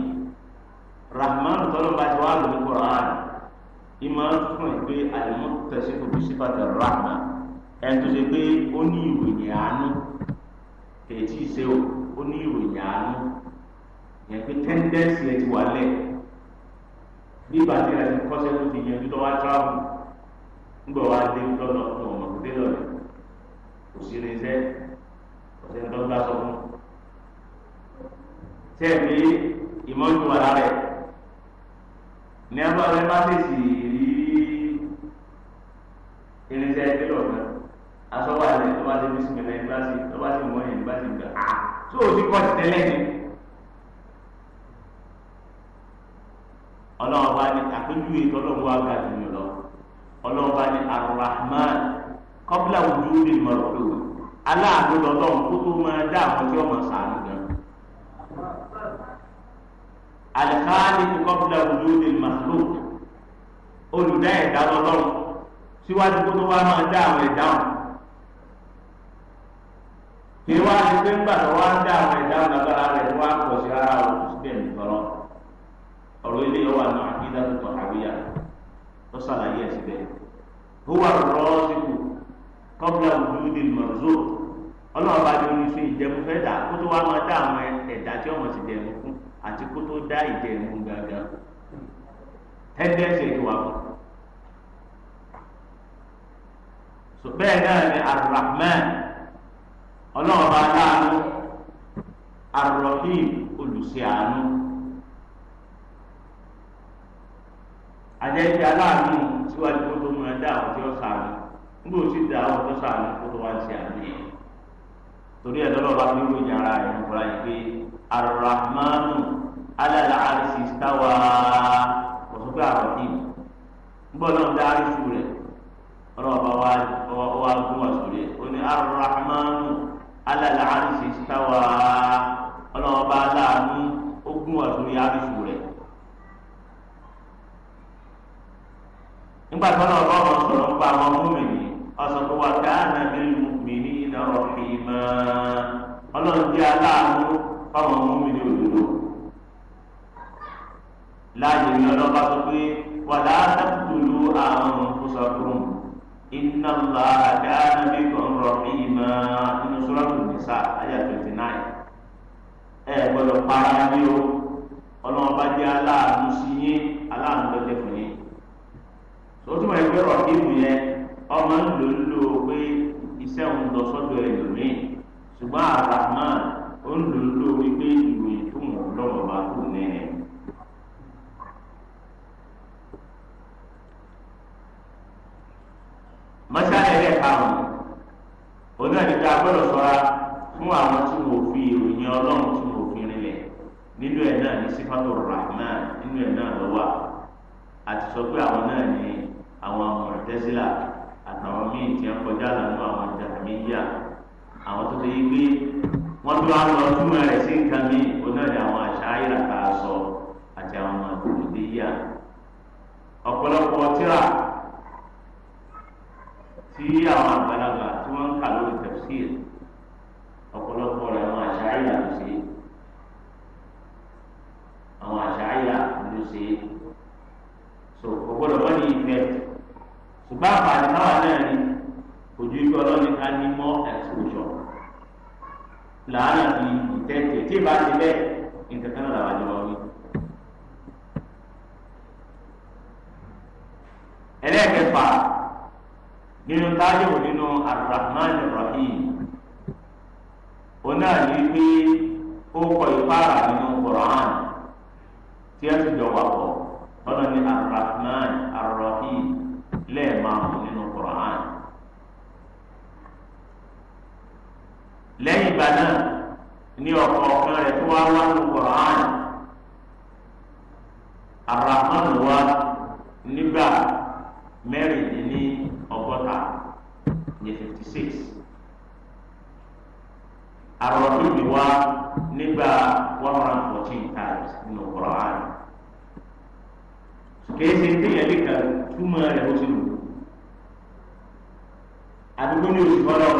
rahman tọ́lọ́ bá ti wá lórí koran ìmọ̀ fún ẹ pé àlùmọ́ tẹ̀sí kò sí pàtẹ rahman ẹ̀ tó ṣe pé ó ní ìròyìn àánú kèétí ṣe o ó ní ìròyìn àánú yẹn pé tẹ́ndẹ́sì ẹ ti wà lẹ̀ bí ìbàdí rẹ ti kọ́ṣẹ́ tó ti yanjú tó wá tíráàmù ńgbà wá dé lọ́nà tó ọmọ tó dé lọ́nà kò sí irinṣẹ́ ọ̀sẹ̀ tó ń bá sọ fún tẹ̀lé ìmọ̀jú wà lára ẹ̀ ní abáwọlé bá fèsì rí irinṣẹ́ ẹgbẹ́ lọ́nà asọ́wọ́ àlẹ́ tó bá dé bísí mi náà ẹgbẹ́ sí tó bá sì mọ́ ẹ̀ ẹgbẹ́ sí gbà á. Ah! tí o ti kọ́ ti tẹ́lẹ̀ ni. ọlọ́run bá ní àpéjúwe tọ́lọ́run wá ga jù lọ ọlọ́run bá ní arahman kọ́bílà ojú ní mọ̀lúù aláàánú lọ́lọ́run kó tó máa dá àwọn tí wọ́n mọ̀ sàánú gan. alikali kọ́bílà ojú ní mọ̀lúù olùdá ẹ̀dá lọ́lọ́run síwájú kó tó wá máa dá àwọn ẹ̀dá wọn kí wá ní pé ńgbà tó wá ń dá àwọn ẹ̀dá lágbára rẹ̀ tó wá ń pọ̀ sí ara wọn kò sí bẹ́ẹ̀ nìkan lọ ọ̀rọ̀ ilé yẹn wà náà kí dájú tó àwíyá tó ṣàlàyé ẹ̀ síbẹ̀ ó wà rọ́ọ̀sìkù kọ́bíà wùdúdì mọ̀rọ̀zó ọlọ́ọ̀bá ni ó fi ìjẹun fẹ́ dà kó tó wá máa dá àwọn ẹ̀dá tí ọmọ ti dẹ̀mú fún àti kó tó dá ìjẹun gangan tẹ́ndẹ́sì ẹ̀dùn wà fún bẹ́ẹ̀ náà ni ar ọlọ́run bá láàánú arọ́hìm olùṣe àánú àjẹsí aláàánú síwájú kó tó múra dá àwọn tí ó sàánú nígbà ó sì dá àwọn tó sàánú kó tó wá ṣe àánú yẹn torí ẹ̀ lọ́lọ́ bá fi ń ròyìn ara rẹ̀ nípa ẹ̀ pé arahmanu alala arisi stawa ọ̀sọ́gbà arọ́hìm gbọ́dọ̀ dá arísù rẹ̀ ọlọ́ọ̀bá wa gún wàsórí ó ní arahmanu alàlà àrísì sítáwà ọlọ́ọ̀bá aláàánú ogún ọ̀dún ní àrísù rẹ̀. nígbà tó lọ́ọ̀bá ọmọ sọ̀rọ̀ nípa àwọn múmìnì ọ̀sán tó wà káàná bíi múmìnì ìnáwó fìmọ́ ọlọ́run jẹ́ aláàánú fáwọn múmìnì òdodo. láàyè ni ọlọ́ba sọ pé wàlá àtàkùtù lu àwọn òkúsọ̀kùrùn inna allaha kana bikum rahima inú sọ́rọ́tù nìsa ayé twenty nine ẹ gbọ́dọ̀ para ní o ọlọ́run bá jẹ́ aláàánú sí yín aláàánú ló dé fún yín sọ́tún ẹ̀ pé rọ̀bìmù yẹn ọmọ ń lò ń lò pé iṣẹ́ òun lọ sọ́dọ̀ ẹ̀ lòmíì ṣùgbọ́n ó ń lò lò wípé ìròyìn tó wọ̀n lọ́wọ́ mọ́ṣálẹ̀ rẹ̀ karùn-ún oní àdìgbà gbọ́dọ̀ sọ́ra fún àwọn tí wọ́n fi ìròyìn ọlọ́run tí wọ́n fi rinlẹ̀ nínú ẹ̀ náà ní sífàtò rahman nínú ẹ̀ náà lọ́wọ́ àti sọ pé àwọn náà ní àwọn mọ̀tẹ́sílà àtàwọn míì tí wọ́n kọjá lọ́nà àwọn jàmíyà àwọn tó ti yí pé wọ́n tó wá lọ túmọ̀ rẹ̀ sí nǹkan míì oní àdì àwọn àṣà ayélujára ká sọ àti àwọn ọmọ ìdíyà ọ̀pọ̀lọpọ̀ tíra tí àwọn àgbàlagbà tí wọ́n ń kà lórí tafsir ọ̀pọ̀lọpọ̀ rẹ̀ àwọn àṣà àyà ló ṣe àwọn àṣà àyà ló ṣe so ọ̀gbọ́dọ̀ wọ́n ni, ìfẹ́ ṣùgbọ́n àpàdé táwọn náà ní ojú ikú ọlọ́ni ká ní mọ́ exposure làánà fi ìtẹ́tẹ̀ tí ìbá ti bẹ́ẹ̀ ìtẹ̀tẹ̀ náà làwọn àjọ wí. ẹlẹ́ẹ̀kẹfà nínú tájòwò nínú Ar-Rahman Ar-Rahim onáà ní pé ó kọ ìpara nínú Quran tí a ti jọ wà pọ̀ lọ́dọ̀ ní Ar-Rahman Ar-Rahim lẹ́ẹ̀márùn nínú Quran lẹ́yìn ìgbà náà ní ọ̀kọ̀ọ̀kan rẹ̀ tó wá wá nínú Quran ar wá nígbà mẹ́rìndínlẹ́yìn ọgọ́ta ní fifty six àròtú ni wá nígbà one hundred and fourteen times nínú Quran kèésì téèyàn lè kà túmọ̀ rẹ̀ bó ti lù àdúgbò ní oṣù kọ́lọ̀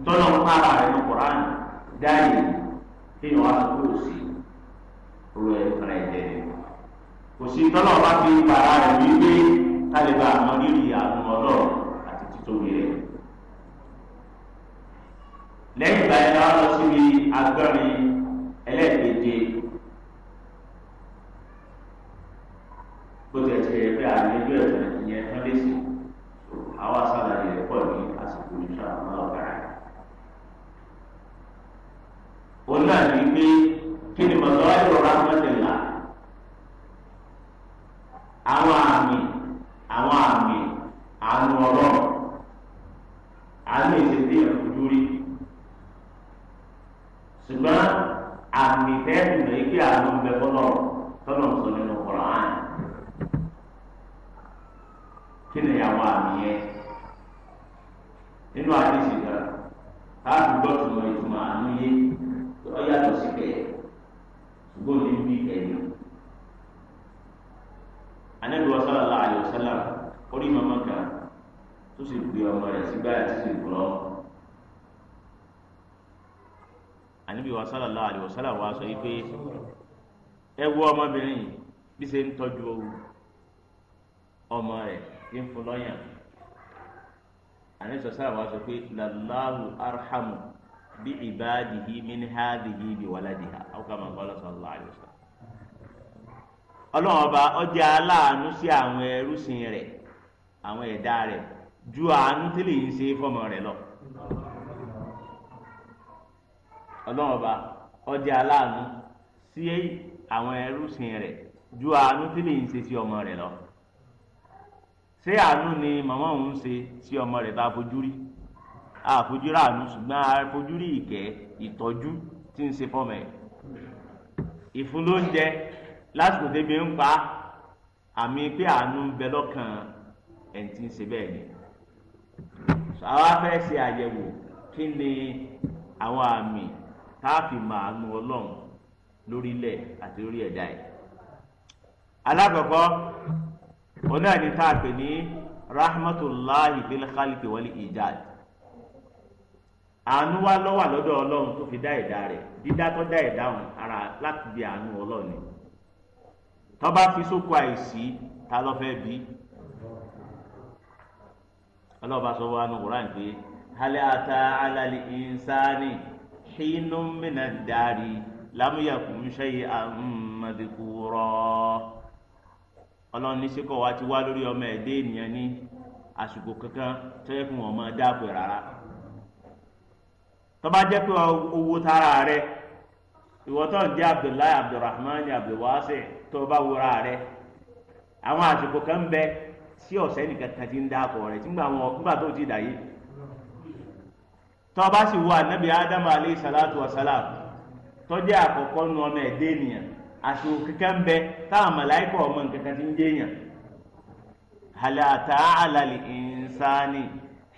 ntọ́nà ń pààrà rẹ̀ ní Quran dáyé téèyàn wá sọ òsì rẹ̀ rẹ̀ jẹ́ kò sí ntọ́nà bá fi pààrà rẹ̀ wípé kálíbà àwọn rírì àwọn ọlọ́run àti títóbi rẹ̀. lẹ́yìn ìgbà yẹn wọ́n lọ síbi agbẹ́rin ẹlẹ́ẹ̀keje bó ti ẹ̀ ti rẹ̀ pé àmì ẹgbẹ́ ẹ̀sán ìyẹn fún sọ yìí pé ẹ wo ọmọbìnrin yìí bí ṣe ń tọ́jú ọmọ rẹ̀ tí ń fún lọ́yàn àníṣọ sáà wá sọ pé lallahu arhamu bí ibadihi min hadihi bi waladiha aw kama qala sallallahu alaihi wasallam ọba ọjà aláàánú sí àwọn ẹrúsìn rẹ̀ àwọn ẹ̀dá rẹ̀ ju àánú tẹ́lẹ̀ yìí ń ṣe fọmọ rẹ̀ lọ ọlọ́run ọba ọjà aláàánú sí àwọn ẹrúsìn rẹ̀ ju àánú tí lè ń ṣe sí ọmọ rẹ̀ lọ ṣé àánú ni màmá òun ń ṣe sí ọmọ rẹ̀ tá a fojú rí a fojú rí àánú ṣùgbọ́n a fojú rí ìkẹ́ ìtọ́jú tí ń ṣe fọ́mọ ẹ̀ ìfún ló ń jẹ lásìkò débi ń pa àmì pé àánú bẹ lọ́kàn ẹ̀ ń ń ṣe bẹ́ẹ̀ ni àwa fẹ́ ṣe àyẹ̀wò kí ni àwọn àmì táàfì màánú ọlọ́run lórílẹ̀ àti lórí ẹ̀dá ẹ̀. alákọ̀ọ́kọ́ ọ̀nà ni táàpì ní rahmatulahi bil khalqi wal ijad àánú wa lọ́wà lọ́dọ̀ ọlọ́run tó fi dá ẹ̀dá rẹ̀ dídá tó dá ẹ̀dá ọ̀hún ara láti di àánú ọlọ́run ni tọ́ba fi sóko àìsí ta ló fẹ́ bí ọlọ́ba sọ wọnú Kùránì pé hal ata ala insani. حين من الدار لم يكن شيئا مذكورا ọlọ́run ní ti wá lórí ọmọ ẹ̀dẹ́ ènìyàn ní àsìkò kankan tó yẹ kí wọ́n máa dáàbò rárá tó bá tara rẹ abdullahi abdulrahman abdulwasi tó bá wúra rẹ àwọn àsìkò kan bẹ sí ọ̀sẹ́ nìkan kan ti ń dáàbò rẹ tí ń gbà wọn tó bá sì wo ànábì ádámù aleyhi salatu wa salam tó jẹ́ àkọ́kọ́ nu ọmọ ẹ̀dá ènìyàn àsìkò kíkẹ́ ń bẹ táwọn màláíkà ọmọ nǹkankan ti ń jẹ́ èèyàn halata alali insani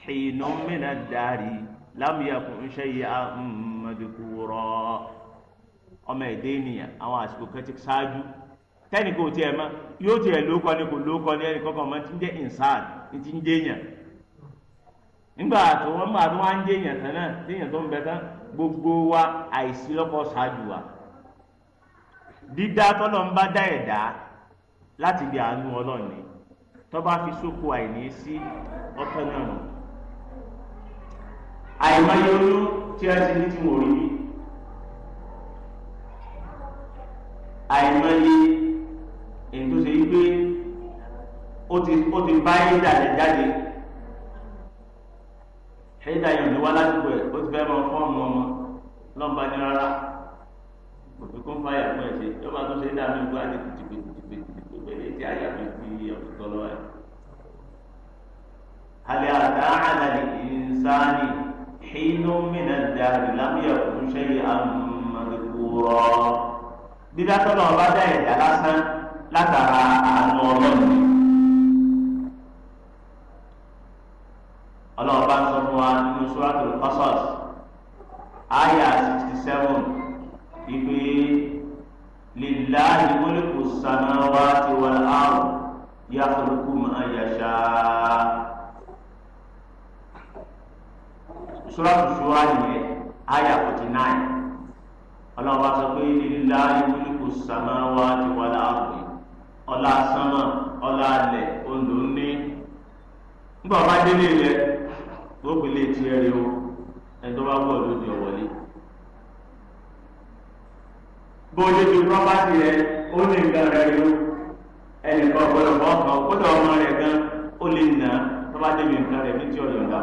hinu mina dari lamuyaku nṣeyi amadukuro ọmọ ẹ̀dá ènìyàn àwọn àsìkò kan ti ṣáájú tẹ́nì kò tiẹ̀ yóò tiẹ̀ lóko ni kò lóko ni ẹnì ọmọ ti ń jẹ́ insan ti ń jẹ́ èèyàn nígbà tó wọn gbà tó wá ń jẹ èèyàn tán náà tí èèyàn tó ń bẹ tán gbogbo wa àìsí lọ́kọ̀ ṣáájú wa dídá tọ́lọ́ ń bá dá ẹ̀dá láti di àánú ọlọ́ọ̀ni tó bá fi sóko àìní sí ọtọ́ náà nù àìmọye oyún tí a ti ní tí wọ́n rí mi àìmọye èyí tó ṣe yí pé ó ti bá yín dàdé jáde ṣẹ́yìndà yìí ní wá lásìkò ẹ̀ ó ti fẹ́ mọ fọ́ọ̀mù ọmọ lọ́nba ní rárá òfin kún fáyà fún ẹ̀ṣẹ̀ yọba tó ṣe dá mi gbọ́ àti kùtìkù kùtìkù kùtìkù pẹ̀lú ètí àyà mi fi ọ̀tún tọ́ lọ́wọ́ ẹ̀. àlẹ́ àdá àlàlì ìsáni hínú mìíràn dàrí lámìyà fún ṣẹ́yìn àmàlẹ́kùrọ̀. dídá tọ́lọ̀ ọba dá ẹ̀dá lásán látara àánú ọlọ́run ọlọ́ọ̀bá ń sọ fún wa nínú suratul Qasas àyà sixty seven ìpè lillahi mulku samawati wal ma yasha. suratul nìyẹn àyà ọlọ́ọ̀bá sọ pé ọlá sánmà ọlá alẹ̀ wọ́n pè lè tiẹ̀ rí o ẹni tó bá wọ̀ lóde ọ̀wọ́lé. bó o ṣe fi pọ́pátì rẹ ó ní nǹkan rẹ rí o ẹnìkan ọ̀gbọ́dọ̀ bọ́ ọ̀kan kódà ọmọ rẹ gan ó lè nà tó bá débi nǹkan rẹ bí tí ọ̀yọ̀ ń dà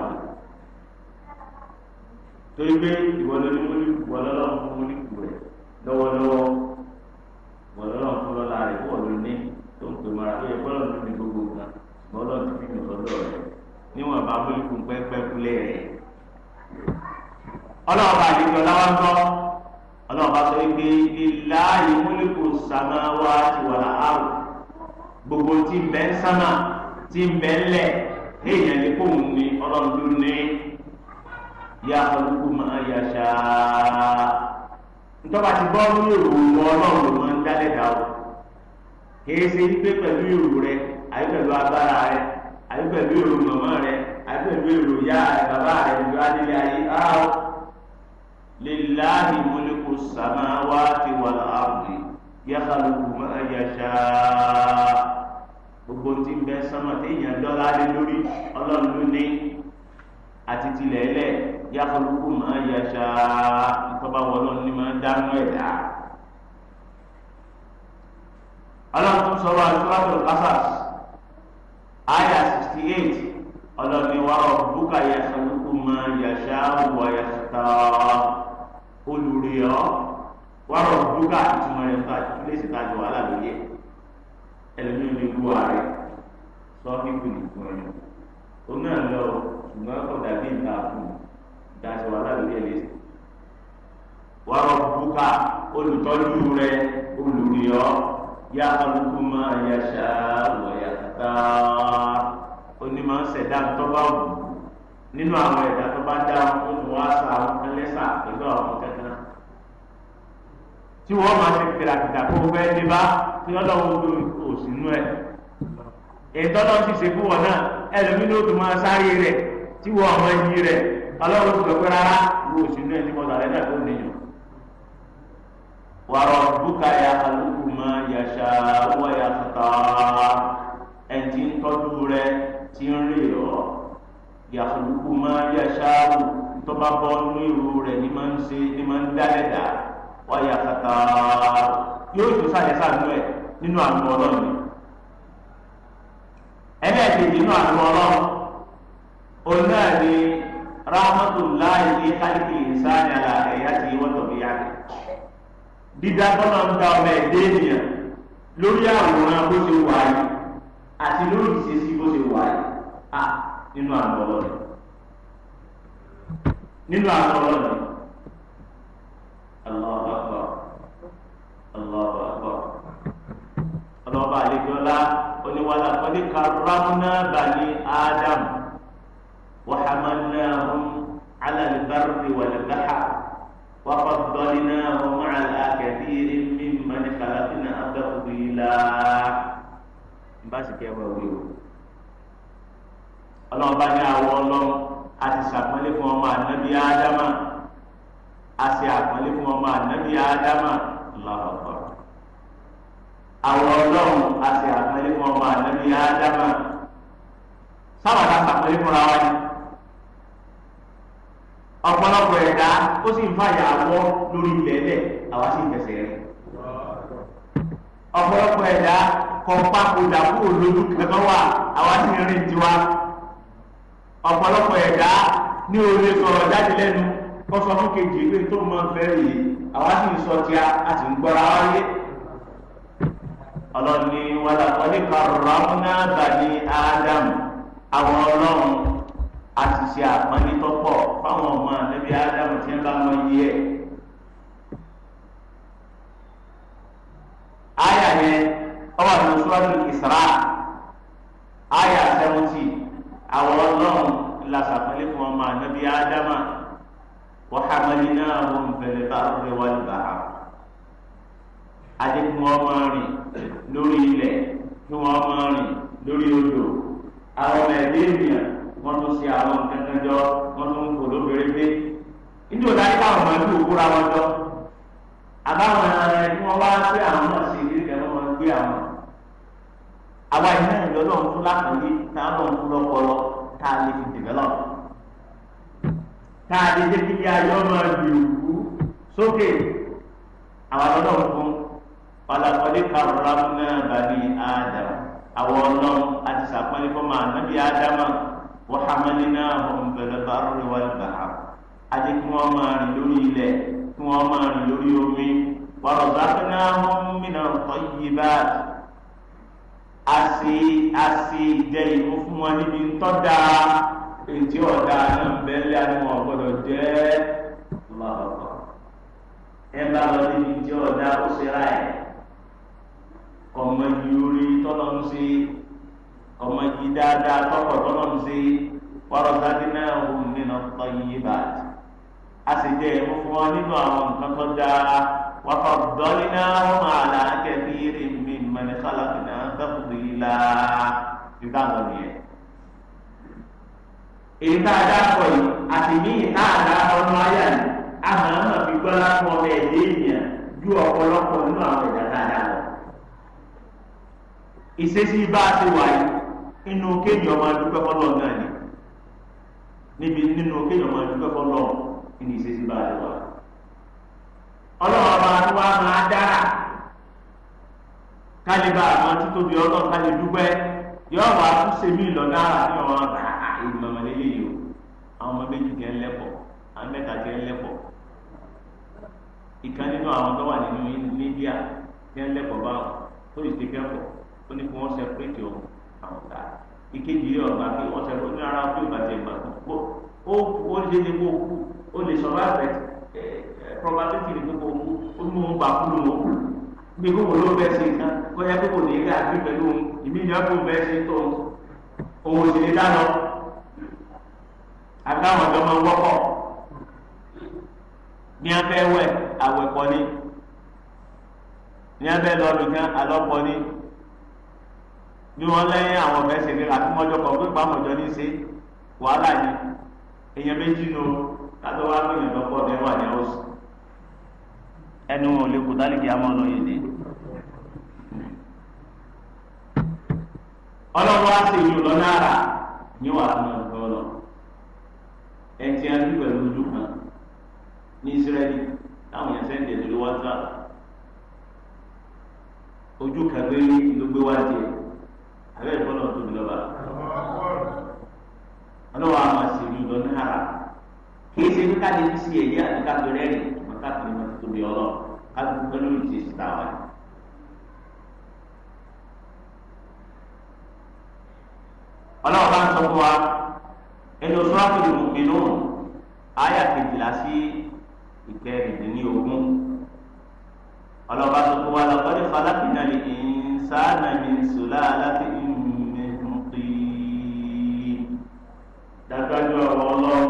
torí pé ìwọ ló ní múlí ìwọ lọ́lọ́run fún múlí ìkù rẹ lọ́wọ́lọ́wọ́ ìwọ lọ́lọ́run fún lọ́la rẹ fún ọ̀lú ní tó ń pè mọ́ra tó yẹ kọ́lọ́ níwọ̀n bá lóyún pẹ́pẹ́kulé rẹ̀. ọlọ́run bá yìí lọ́la wá gbọ́ ọlọ́run bá sọ wípé ìlà ìmúlẹ̀kù sàmà wá ti wà láàrú gbogbo tí mbẹ́ ń sàmà tí mbẹ́ ń lẹ̀ èèyàn lè kó òun ní ọlọ́run ló ní yá olùkú máa yá ṣáá ntọ́ba ti gbọ́ ní ìròyìn ọlọ́run ló máa ń dálẹ̀ dá kì í ṣe wípé pẹ̀lú ìrò rẹ àyè agbára rẹ àbí pẹ̀lú èrò màmá rẹ àbí pẹ̀lú èrò ìyá rẹ bàbá rẹ ìlú adílé ayé áwọ lillahi mulku samawati wal ardi yakhluqu ma yasha gbogbo tí ń bẹ sánmà téèyàn dọ́là lé lórí ọlọ́run ló ní àti tilẹ̀ ẹlẹ̀ yakhluqu ma yasha ìtọ́ba wọlọ́run ni máa ń dánú ẹ̀dá. ọlọ́run tún sọ̀rọ̀ àti sọ́wọ́n àti lásàs àyà sixty eight ọlọ́ni wa ọ̀bùkà yasọ̀lùkù mọ yàṣà wọ yàtọ̀ olùrí ọ wa ọ̀bùkà ìtumọ̀ rẹ̀ tó àtúlẹ̀sì tá a jọ wàhálà lórí ẹ̀ ni ní ìlú ààrẹ sọ fífi nìkan ẹ̀ ó náà lọ ṣùgbọ́n kò dàbí ìta fún ìdájọ́ wàhálà lórí ẹ̀ lẹ́sìn wa ọ̀bùkà olùtọ́jú rẹ̀ olùrí ọ yà ọ̀lùkù mọ yàṣà wọ tààrà onímọ̀ ṣẹ̀dá tó bá wù nínú àwọn ẹ̀dá tó bá dá ohun àṣà àwọn ẹlẹ́sà pẹ̀lú àwọn kankan e. tí wọ́n máa ṣe kìràkìtà kó fẹ́ dé bá tí wọ́n lọ́wọ́ ojú òsínú ẹ̀ ìtọ́lọ́ ti ṣe fún wọn náà ẹlòmí ló tún máa sáré rẹ̀ tí wọ́n ọmọ yìí rẹ̀ ọlọ́run ti gbẹ̀gbẹ́ rárá wo òsínú ẹ̀ tí mo sàrẹ́ náà tó nìyàn wàrọ̀ bùkà ya alùpùpù máa yàṣà wọ́n yà ẹni tí ń tọ́jú rẹ ti ń rè ọ́ yàtúkú máa yẹ ṣáàrù tó bá bọ́ nínú ìrù rẹ̀ ní máa ń ṣe ní máa ń dálẹ́dà wáyà kàtà yóò tún sáyẹ sáànú ẹ̀ nínú àánú ọlọ́run ẹlẹ́ẹ̀kejì nínú àánú ọlọ́run òun náà ni rahmatulahi ní kálíkì ìsáni àlàyé àti ìwọ́tọ̀bí yára dídá tọ́nà ń da ọmọ ẹ̀dẹ́ ènìyàn lórí àwòrán bó ṣe wà yìí àti lórí ìṣesí bó ṣe wà yìí à nínú àná ọlọ́run nínú àná ọlọ́run Allahu Akbar Allahu Akbar ọlọ́ba àlejòlá oníwàlá kọ́lé karramna bani Adam wa hamalnahum ala al-barri wal-bahri wa faddalnahum ń bá sì o ọlọ́run bá ní àwọ ọlọ́run a ti ṣàpọ́nlé fún ọmọ ànábì ádámà a ṣe àpọ́nlé fún ọmọ ànábì ádámà lọ́wọ́ àwọ ọlọ́run a ṣe àpọ́nlé fún ọmọ ànábì ádámà sábà ta ṣàpọ́nlé fúnra wa ni ọ̀pọ̀lọpọ̀ ẹ̀dá ó sì ń fàyà àwọ lórí ilẹ̀ ẹlẹ̀ àwa sì ń fẹsẹ̀ rẹ̀ ọ̀pọ̀lọpọ̀ ẹ̀dá kọ̀ọ̀pá kódà kó lójú kankan wà àwa sì rìn tiwa ọ̀pọ̀lọpọ̀ ẹ̀dá ní orí sọ̀rọ̀ jáde lẹ́nu kó sọ fún kejì pé tó mọ fẹ́ rèé àwa sì ń sọ tí a sì ń gbọ́ra wáyé ọlọ́ni wàlàkọ́lé karramna bani Adam àwọn ọlọ́run àṣìṣe àpọ́nlítọ́pọ̀ fáwọn ọmọ àlẹ́bí Adam tí ń bá wọn yí ẹ̀. àyà yẹn ọwọ́ àti oṣuwájú ìsra àyà sẹ́wọ́ntì àwọn ọlọ́run lásàpẹ́lẹ́ fún ọmọ ànábì ádámà wàhámẹ́lì náà wọ́n bẹ̀rẹ̀ bá rẹ̀ wá lùbà á. adékun ọmọ rìn lórí ilẹ̀ kí wọ́n ọmọ rìn lórí odò àwọn ẹ̀dá ènìyàn wọ́n tún ṣe àwọn kankan jọ wọ́n tún kò lóbìnrin pé nínú ìdájọ́ àwọn ọmọ ìlú òkúra wọn jọ àbáwọn ẹni wọ́n wá sí àwọn náà sí ìdílé wọn gbé àwọn àwa ìlú ìjọ lọ́n tún lápẹ̀lẹ́ tá a lọ́n tún lọ́pọlọ tá a lè fi dèbẹ́lọ̀ tá a lè jẹ́ kí ayọ́ máa di òkú sókè àwa lọ́dọ̀ fún palakọ́lé karùnrà fún náà bàbí ádámù àwọn ọlọ́run àti sàpọ́nlé fọ́mà nàbí ádámù wọ́n hàmẹ́lẹ́ náà wọ́n bẹ̀rẹ̀ bá rẹ̀ wọ́n bàá àti kí wọ́n máa rìn lórí ilẹ̀ kí wọ́n máa rìn lórí omi wọ́n bá fẹ́ náà wọ́n mìíràn tọ́ àṣì àṣì jẹ ìwọ fún wọn níbi ntọ́da ètí ọ̀dà náà bẹ́ẹ̀lẹ́ àdúgbò ọ̀gbọ́dọ̀ jẹ́ lọ́kọ̀ọ̀kọ̀ ẹ bá lọ níbi tí ọ̀dà ó ṣe ra ẹ̀ kọ̀mọ̀jì orí tọ́lọ́ ń ṣe kọ̀mọ̀jì dáadáa tọ́kọ̀ tọ́lọ́ ń ṣe wàrọ̀sáàdì náà ò nínú tọ́ yìí bàtì àṣì jẹ ìwọ fún wọn nínú àwọn nǹkan tó dáa wàkọ̀ dọ́lí náà wọ́n máa là ńlá ìdáhùn nìyẹn. èyí tá a dákọ̀ yìí àti míì tá a dá ọmọ ayà yìí àmàlà fi gbọ́lá fún ọmọ ẹ̀dẹ́ ènìyàn ju ọ̀pọ̀lọpọ̀ nínú àwọn ẹ̀dá tá a dá lọ. ìṣesí bá a ti wà yìí inú kéèyàn máa dúpẹ́ fọlọ́ náà ni níbi nínú kéèyàn máa dúpẹ́ fọlọ́ ní ìṣesí bá a ti wà. ọlọ́run ọba tó wá máa dára kálíbà àwọn títóbi ọlọ́run ká lè dúpẹ́ yọ wà á tún ṣe mí ìlọ́nà ara ní ọ̀rọ̀ ìgbìmọ̀ ah, ah, ah, lélẹ́yìí o àwọn ọmọ méjì kẹ́ ń lẹ́pọ̀ àwọn mẹ́ta kẹ́ ń lẹ́pọ̀ ìkan nínú àwọn tó wà nínú India kẹ́ ń lẹ́pọ̀ báwọn tó lè ṣe kẹ́kọ̀ọ́ ó ní kí wọ́n sẹpẹ́tì o àwọn ọ̀tá ìkejì yìí ọ̀gbà pé wọ́n sẹpẹ́ ó ní ara tó ìbàjẹ́ ìgbà tó ó ó lé ní kó kú ó lè sọ bá bẹ̀ probability ní kó kó kú ó ní mo gbà kú ló mọ̀ kú bí gbogbo ló bẹ́ẹ̀ ṣe nǹkan kó yẹ gbogbo ní ilé àbí pẹ̀lú ìmí ni wọ́n kó bẹ́ẹ̀ ṣe tó òun sì lè dáná àtàwọn ọ̀dọ́ máa ń wọ́pọ̀ ní abẹ́ wẹ̀ àwẹ̀kọ́ ni ní abẹ́ lọ́ọ̀lù kan àlọ́pọ̀ ni bí wọ́n lẹ́yìn àwọn ọ̀bẹ ṣe nira fún ọjọ́ kan pípa àmọ̀jọ́ ní ṣe wàhálà ni èèyàn méjì nù kátó wá gbìyànjú ọ̀pọ̀ ọ̀dẹ́wà ní ọ̀sùn ẹni wọn ò lè kó tálíkì àmọ́ ọlọ́run yìí ni. ọlọ́run wá sí ìlú lọ náírà ní wàá fún ọdún kan lọ ẹtì àti pẹ̀lú ojú kan ní Ísírẹ́lì táwọn yẹn sẹ́ńdẹ̀ lórí WhatsApp ojú kan ló gbé wá jẹ abẹ́ ìfọ́nà tóbi lọ́ba ọlọ́run àwọn àṣìlú lọ náírà kì í ṣe ní ká lè sí ẹ̀yẹ àti ká fi rẹ́rìn káàkiri wọn ti tóbi ọlọ káàkiri pẹ̀lú ìṣesí táwa yìí. ọlọ́run bá ń sọ fún wa ẹni oṣù àkọlù mùmínú àyà kejìlá sí ìkẹrìndínlógún ọlọ́run bá sọ fún wa lọ́kọ́ ní falákìnà lè ń sáànà mi ń sùn láàlákì ń pè é dájúdájú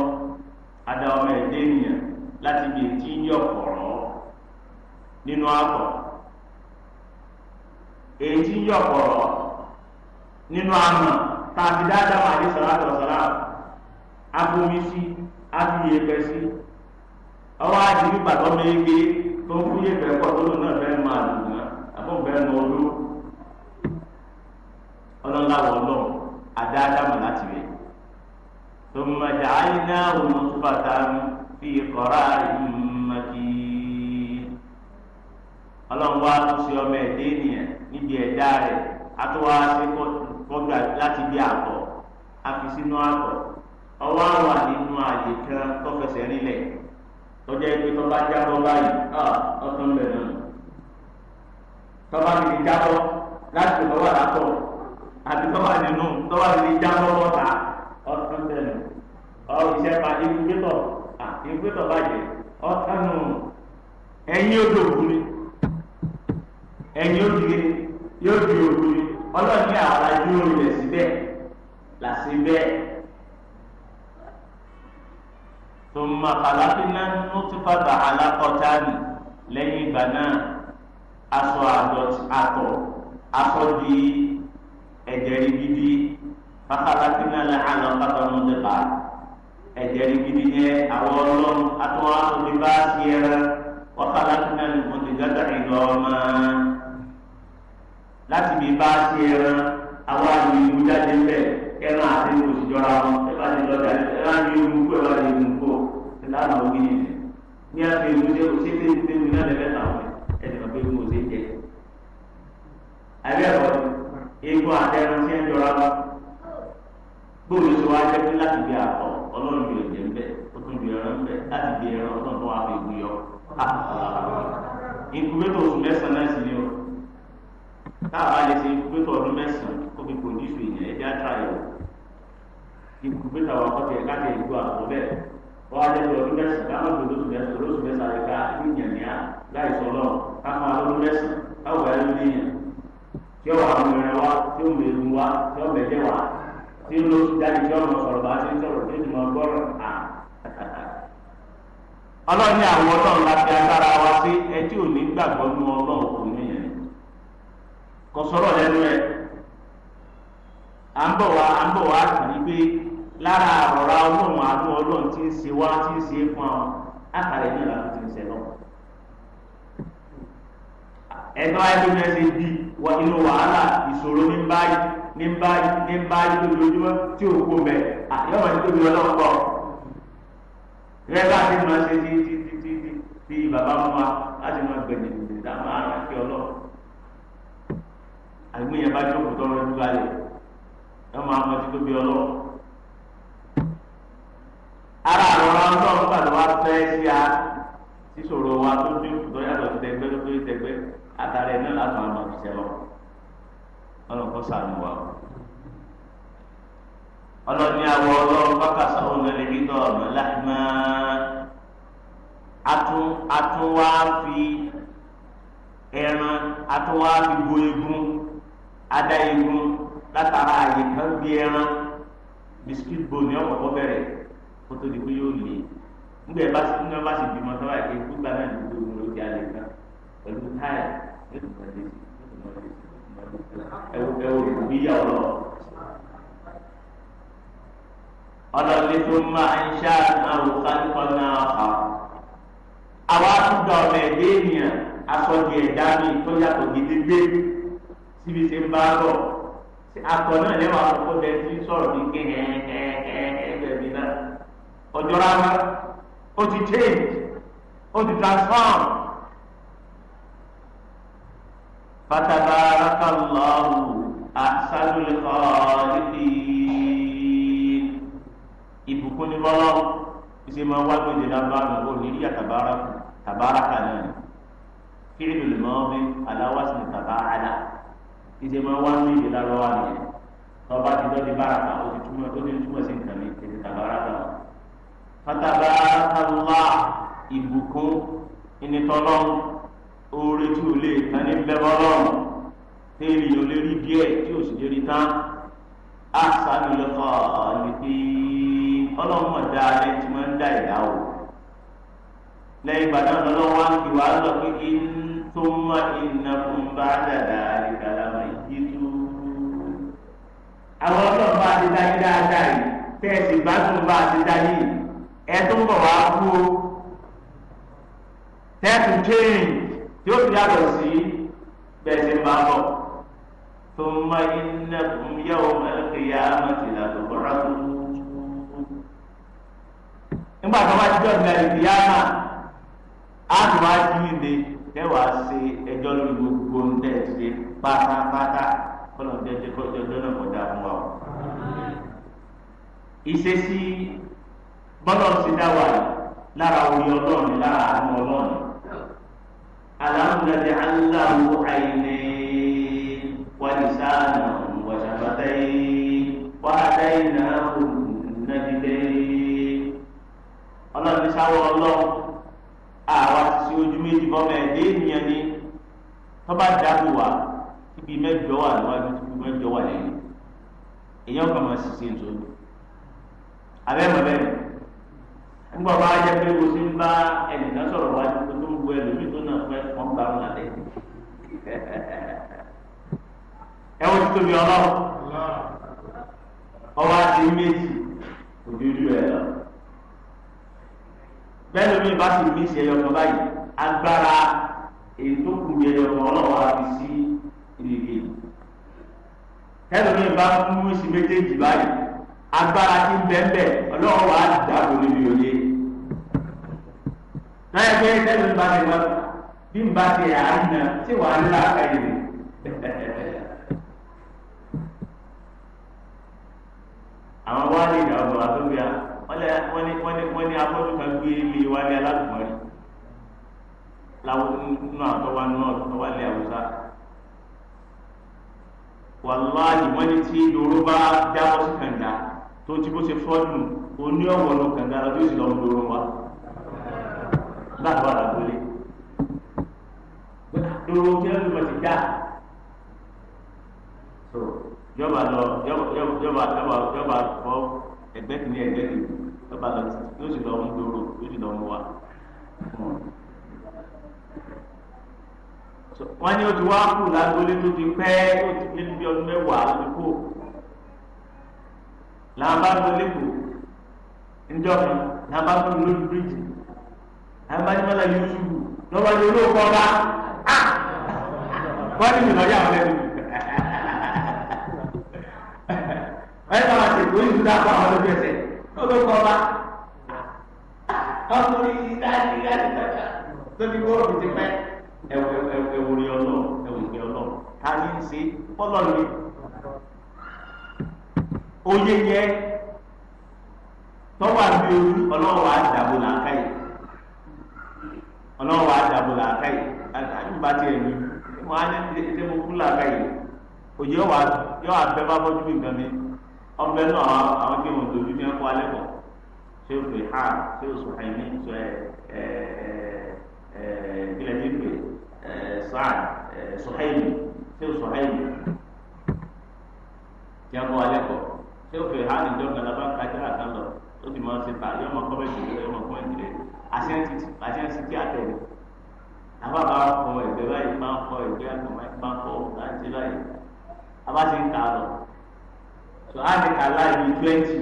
ọ̀pọ̀rọ̀ nínú àpọ̀ èyí tí ń yọ ọ̀pọ̀rọ̀ nínú àmọ̀ tá a ti dáadáa máa ní sọ̀rọ̀sọ̀rọ̀ abomi sí abiyè pẹ́ sí ọwọ́ àti nígbà tó mẹ́ gbé tó ń fúyè pẹ́ pọ̀ tó lò náà fẹ́ máa lò náà àbọ̀nbẹ́ nà ọdún ọlọ́láwọ̀ ọlọ́run àdáadáa mọ̀ láti rẹ̀ tó mọ̀ jàáyé náà òun tó bàtà fi kọ́ra ìmọ̀. ọlọ́run wá tún ṣe ọmọ ẹ̀dá ènìyàn níbi ẹ̀dá rẹ̀ atúwá sí kọ́gbà láti bí àtọ̀ àfi sínú àtọ̀ ọwọ́ àwà nínú àyè kan tó fẹsẹ̀ rinlẹ̀ tọ́jà ìpè tó bá jábọ́ báyìí ọ̀tún ń bẹ̀ náà tó bá ti di jábọ́ láti lọ́wọ́ àtọ̀ àti tó bá nínú tó bá ti jábọ́ bọ́ta ọ̀tún bẹ̀ náà ọ̀ ìṣẹ́pà ìgbésọ̀ ìgbésọ̀ bàjẹ́ ọ̀tún ẹ̀yìn odò òkú ni ẹni yóò di yóò di òbí ọlọ́run ní àwọn ajú rẹ̀ síbẹ̀ làṣẹ bẹ́ẹ̀. ثم خلقنا النطفة علقة lẹ́yìn ìgbà náà aṣọ àtọ̀ aṣọ di ẹ̀jẹ̀ ribidi fàkàlàkìnà làánà fàkàlùmọ́tẹ́fà ẹ̀jẹ̀ ribidi yẹ àwọn ọlọ́run àtúwọ́n aṣọ bíbá sí ẹran wàkàlàkìnà lùmọ́tẹ́gàdà ìlọ́ọ̀mọ́ láti bí bá ṣe ẹran àwọn àlùyìnbó jáde ń bẹ ẹran àti ìlú òsì jọra wọn ẹ bá ti lọ́jà ẹ bá ní ewu kó ẹ bá ní ewu kó ẹ láàmú ògì yẹn ní àti ewu ṣe kò ṣe tẹ́lẹ̀ tẹ́lẹ̀ náà lẹ́fẹ̀ẹ́ àwọn ẹ ti mọ̀ pé ewu ṣe jẹ. àbẹ̀wò egun àtẹrun ṣe ń jọra wọn gbòòrò ṣe wá jẹ́ pé láti bí àpọ̀ ọlọ́run yóò jẹ́ ń bẹ̀ ó tún bí ẹran ń bẹ̀ láti bí ẹran ọlọ́run tó wà fún ìgbìyànjú. ìkùnmẹ́tò oṣù mẹ́sàn-án náà táàbà lè ṣe incubator ọdún mẹ́sàn-án kó fi pòdúsù ìyẹn ẹ̀jẹ̀ àtàyọ̀ incubator wa kọ́ tiẹ̀ káàkiri ìlú àwọn bẹ́ẹ̀ wọ́n á jẹ́ pé ọdún mẹ́sàn-án káwọn gbé lóṣù mẹ́sàn-án lóṣù mẹ́sàn-án rẹ̀ ká yíyànníà láì sọ lọ́wọ́ káwọn alóṣù mẹ́sàn-án káwọn ẹ̀rọ níyàn tí ó wà àwọn ìrìn wa tí ó mèrú wa tí ó mẹ̀jẹ̀ wa tí ó lóṣù jáde tí ó mọ̀ sọ̀rọ̀ bá ti ń sọ̀rọ̀ tí ó ti mọ̀ gbọ́rọ̀ à ọlọ́run ní àwọn ọlọ́run la fi agbára wa sí ẹ tí ò ní gbàgbọ́ nú ọlọ́run kọsọrọ sọ̀rọ̀ lẹ́nu à ń bọ̀ wá à ń bọ̀ wá kìí pé lára àrọ̀rá ọlọ́run àánú ọlọ́run tí ń ṣe wá tí ń ṣe é fún àwọn ti ń ṣe ẹ̀tọ́ ayélujára ṣe di wàhálà ìṣòro ní báyìí ní báyìí ní báyìí tí ò kó mẹ́ àyọ̀mọ̀ ní tóbi ọlọ́run pọ̀ ṣe ti ti ti ti bàbá wa láti gbẹ̀dẹ̀ ẹ̀gbọ́n yẹn bá jókòó tọrọ ẹdún balẹ̀ ẹ máa mọ títí bí ọlọ́run. ara àrọ̀rọ̀ ọlọ́run gbà ló wá fẹ́ sí a sísòro wa tó dínkù tó yàtọ̀ sí tẹgbẹ́ tó tó tẹgbẹ́ àtàrà ẹ̀ náà látọ̀ àmọ̀ ìṣẹ́ lọ ọlọ́run kọ́ sàánú wa o ọlọ́ni àwọ̀ ọlọ́run bákàsá ọ̀nàlẹ́ nígbà ọ̀nà láhìmá atún atún wá fi ẹran atún wá fi bo egun ada igun látara àyè kan gbé ẹran bisikíìtì bò ní ọ̀pọ̀pọ̀ bẹ̀rẹ̀ kó tó di pé yóò lè nígbà bá sí nígbà bá sì bímọ tó báyìí pé gbígbà náà ló gbógun ló di alẹ́ kan pẹ̀lú táyà yóò tún lọ sí ẹwọ ẹwọ ìbí yà ọ lọ. ọlọ́lẹ́ tó máa ń ṣá àrùn kálífọ́ náà kà àwa tún gba ọ̀nà ẹ̀dẹ́ ènìyàn aṣọ di ẹ̀dá mi tó yàtọ̀ gidigbe síbi tí ń bá bọ̀ àtọ̀ náà lẹ́wọ̀ àkókò bẹ tí sọ̀rọ̀ ní ké ẹ̀ẹ́dẹ̀bí náà ọjọ́ rárá ó ti change ó ti transform. فتبارك الله أحسن الخالقين ìbùkún ni bọ́lá ìṣe máa wá gbèdé lábára ó ní yíyá tabaraka náà fíìlì lè mọ́ bí aláwàsí ní tabaraka ìdè máa wá ní ìdè lárọ́wá nìyẹn tọ́ba ti dọ́ni báraka ó ti túmọ̀ tó ní túmọ̀ sí nǹkan mi ètò tàbáraka wọn. fataba kàlá ìbùkún ìnitọ́lọ́ oore tí o lè tán ní bẹ́bọ́lọ́ tí ènìyàn lè rí díẹ̀ tí o sì lè rí tán àṣàlùlọ́kọ̀ nìkí ọlọ́mọ dáadé tí wọ́n ń dá ìdá o. lẹ́yìn ìgbà náà lọ́wọ́ wá ń kí wàá lọ pé kí n tó mọ ìnàkùn dàda àdìgbàlá àwọn ọlọ́run bá ti dá yín dáadáa yìí tẹ́ ẹ sì gbádùn bá ti dá yín ẹ tó ń bọ̀ wá kú o tẹ́ẹ̀tù change tí ó fi yàtọ̀ sí bẹ́ẹ̀ sì máa bọ̀ tó ń mọ iná fún yẹ́wò mẹ́lẹ́kẹ̀yà mọ́tìlá tó bọ̀rọ̀ tó ń nígbà tó bá ti jọ́ ìgbàlè ìyá náà á tó wá jí ìdè ẹ wàá ẹjọ́ lórí gbogbo ń tẹ̀ ṣe pátápátá kọ́nà jẹ́jẹ́ kọ́jọ́ ọjọ́ náà kọjá fún wa o. ìṣesí bọ́lọ̀ ti dá wa lára orí ọlọ́run lára àánú ọlọ́run alámúlẹ̀dẹ̀ aláwo àìní wàlísáànà wàṣàbàtà wàhádà iná ònàdìdẹ́ ọlọ́run sáwọ́ ọlọ́run àwa ti ṣe ojú méjì bọ́mọ ẹ̀dẹ́ tọ́ba dábò ibi mẹ́jọ wà níwájú ibi mẹ́jọ wà lẹ́yìn èèyàn kàn máa ṣiṣẹ́ nítorí abẹ́ mọ̀ bẹ́ẹ̀ nígbà bá jẹ́ pé mo ti ń bá ẹnìkan sọ̀rọ̀ wájú tó ń bu ẹlòmíì tó náà fẹ́ wọ́n gbà wọn lálẹ́ ẹ wọ́n ti tóbi ọlọ́run ọba ti méjì òbí rí ẹ lọ bẹ́ẹ̀ lómi bá ti méjì ẹyọ kan báyìí agbára èyí tó kù ní ẹyọ kan ọlọ́run á fi sí. rírì tẹ́lómi bá mú sí méjèèjì báyìí agbára ti ń ọlọ́run wàá níbi òye náà bá ti wá bí n bá ti àárín náà tí wàá ń là ẹ̀yìn àwọn wá ní ìdá ọgbà tó a wọ́n ní wọ́n ní wọ́n ní kan gbé ilé wa ní alágbọ̀n wàláhì wọ́n ní tí lóró bá jábọ́ sí kànga tó ti bó ṣe fọ́ọ̀nù oní ọ̀wọ́ ló kànga lọ tó sì lọ́ọ́ lóró wa látọ̀ àdàgbélé lóró kí ló ti dá yọba lọ yọba yọba yọba fọ ẹgbẹ́ kìíní ẹgbẹ́ kìíní yọba lọ yóò sì lọ mú lóró yóò sì lọ mú wa wọ́n ní o ti wá kù lágbolé tó ti pẹ́ ó ti pé níbi ọdún mẹ́wàá ló kù làbágbélé kù ńjọba làbágbélé lórí bíríjì làbágbélé yusufu lọ́wọ́ ni olóòkọ bá ah! wọ́n ní ìrọ̀lẹ́ àwọn ẹni wọ́n yẹ kí wọ́n ti dá kọ́ àwọn lójú ẹsẹ̀ olóòkọ bá ọkùnrin yìí dájú yá ti wọ́ọ̀rù ti pẹ́ ẹwù ni ọlọ́run ẹwù ni ọlọ́run ta ni ń ṣe fọlọ́run ni oyé yẹ tọ́wọ́ àbí ojú ọlọ́run wa dàbò làákàyè ọlọ́run wa dàbò làákàyè àdúgbò àti ẹ̀mí wọn á ní ẹsẹ̀ mo kú làákàyè òye yọ wà bẹ bá bọ́jú bí nǹkan mi náà àwọn tí wọn tó bí ní ẹ̀kọ́ alẹ́ kọ̀ ṣé o fè ha ṣé o sùn àìní ṣe ẹ̀ ẹ̀ ẹ̀ ìpínlẹ̀ nípe sáà sọ̀hẹ́yì ṣé o sọ̀hẹ́yì tí a kọ́ alẹ́ kọ́ ṣé o fẹ́ ha ní ìjọba alábá kájá àkàlọ́ ó sì máa ń ṣe ta yọ ọmọ kọ́ bẹ́ẹ̀ ṣe yọ ọmọ kọ́ ẹ̀jẹ̀ àṣẹ́ǹsì tí a tẹ̀lé àbábá kọ ẹ̀gbẹ́ báyìí máa ń kọ ẹ̀gbẹ́ àgbọ̀mọ́ máa ń kọ láti báyìí àbá ti ń ta lọ so á ní kàlá ìlú twenty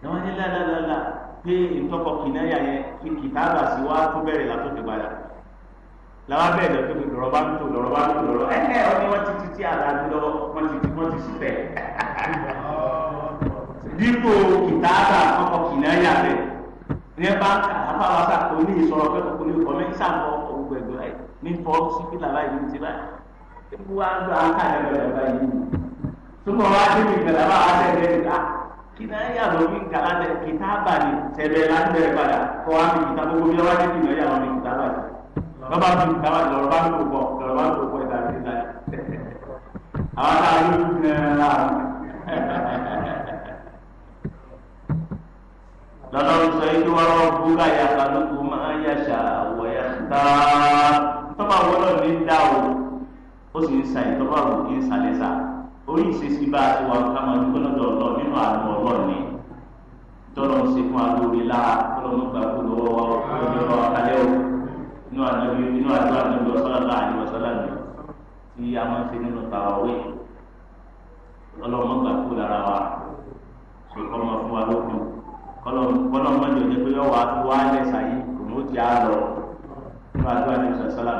ni wọ́n ní lálálálá pé ìtọ́kọ kìnnáyà yẹn kí kìtàbà sí wá tó bẹ̀rẹ̀ látó ti padà làwọn bẹ́ẹ̀ lọ pé lọ́rọ̀ bá ń tò lọ́rọ̀ bá ń tò lọ́rọ̀ ẹ̀ ẹ́ ọdún wọn ti ti ti àdájú lọ wọn ti ti wọn ti sí bẹ́ẹ̀ dípò kìtàbà ọkọ kìnnáyà bẹ́ẹ̀ ní ẹ bá àfàwọn sàkó ní ìsọ̀rọ̀ pẹ́ẹ́kọ̀ kó ní kọ́mẹ́ńsà kọ́ ọ̀gbẹ̀gbẹ̀ ẹ̀ ní fọ́ sípìlà báyìí ní ti báyìí ewu do aka lẹbẹlẹbẹ yìí tó kọ wá débi gbẹlẹ bá wà sẹ ẹgbẹ yìí ah kinaya ló ní nkàlá lẹ kìtàbà ni sẹbẹ la ń bẹ̀rẹ̀ padà kọ wá mi kìtàbà gbogbo yẹ wá ní kinaya lọ ní kìtàbà ni lọba mi kìtàbà ni lọba mi kò kọ lọba mi kò kọ ẹgbà mi la àwọn tá a yóò fi ẹ la lọ́dọ̀ sọ yìí wọ́n rọ búra yàtọ̀ lóko máa yà ṣà wọ̀yà tá tọ́ba wọlọ́ ní dá o ó sì ń sa ìtọ́ba wò kí ń sa lẹ́sà orí ìṣesí bá a ti wà ká máa dúpẹ́ lọ́dọ̀ ọlọ́run àánú ọlọ́run ni tọ́lọ́ ń ṣe fún alóore lára tọ́lọ́ ń gbà kó lọ́wọ́ wa ọjọ́ lọ́wọ́ alẹ́ o inú àdúrà inú àdúrà ní ìlú ọ̀sán àlá àdúrà ọ̀sán àlá tí a máa ń ṣe nínú tàwáwé ọlọ́run gbà kó lára wa ṣùgbọ́n máa fún wa lókun kọ́lọ́ mọ́jọ ní pé yọ̀wá tó wá lẹ́sà yìí kò mú ti á lọ inú àdúrà ní ìlú ọ̀sán àlá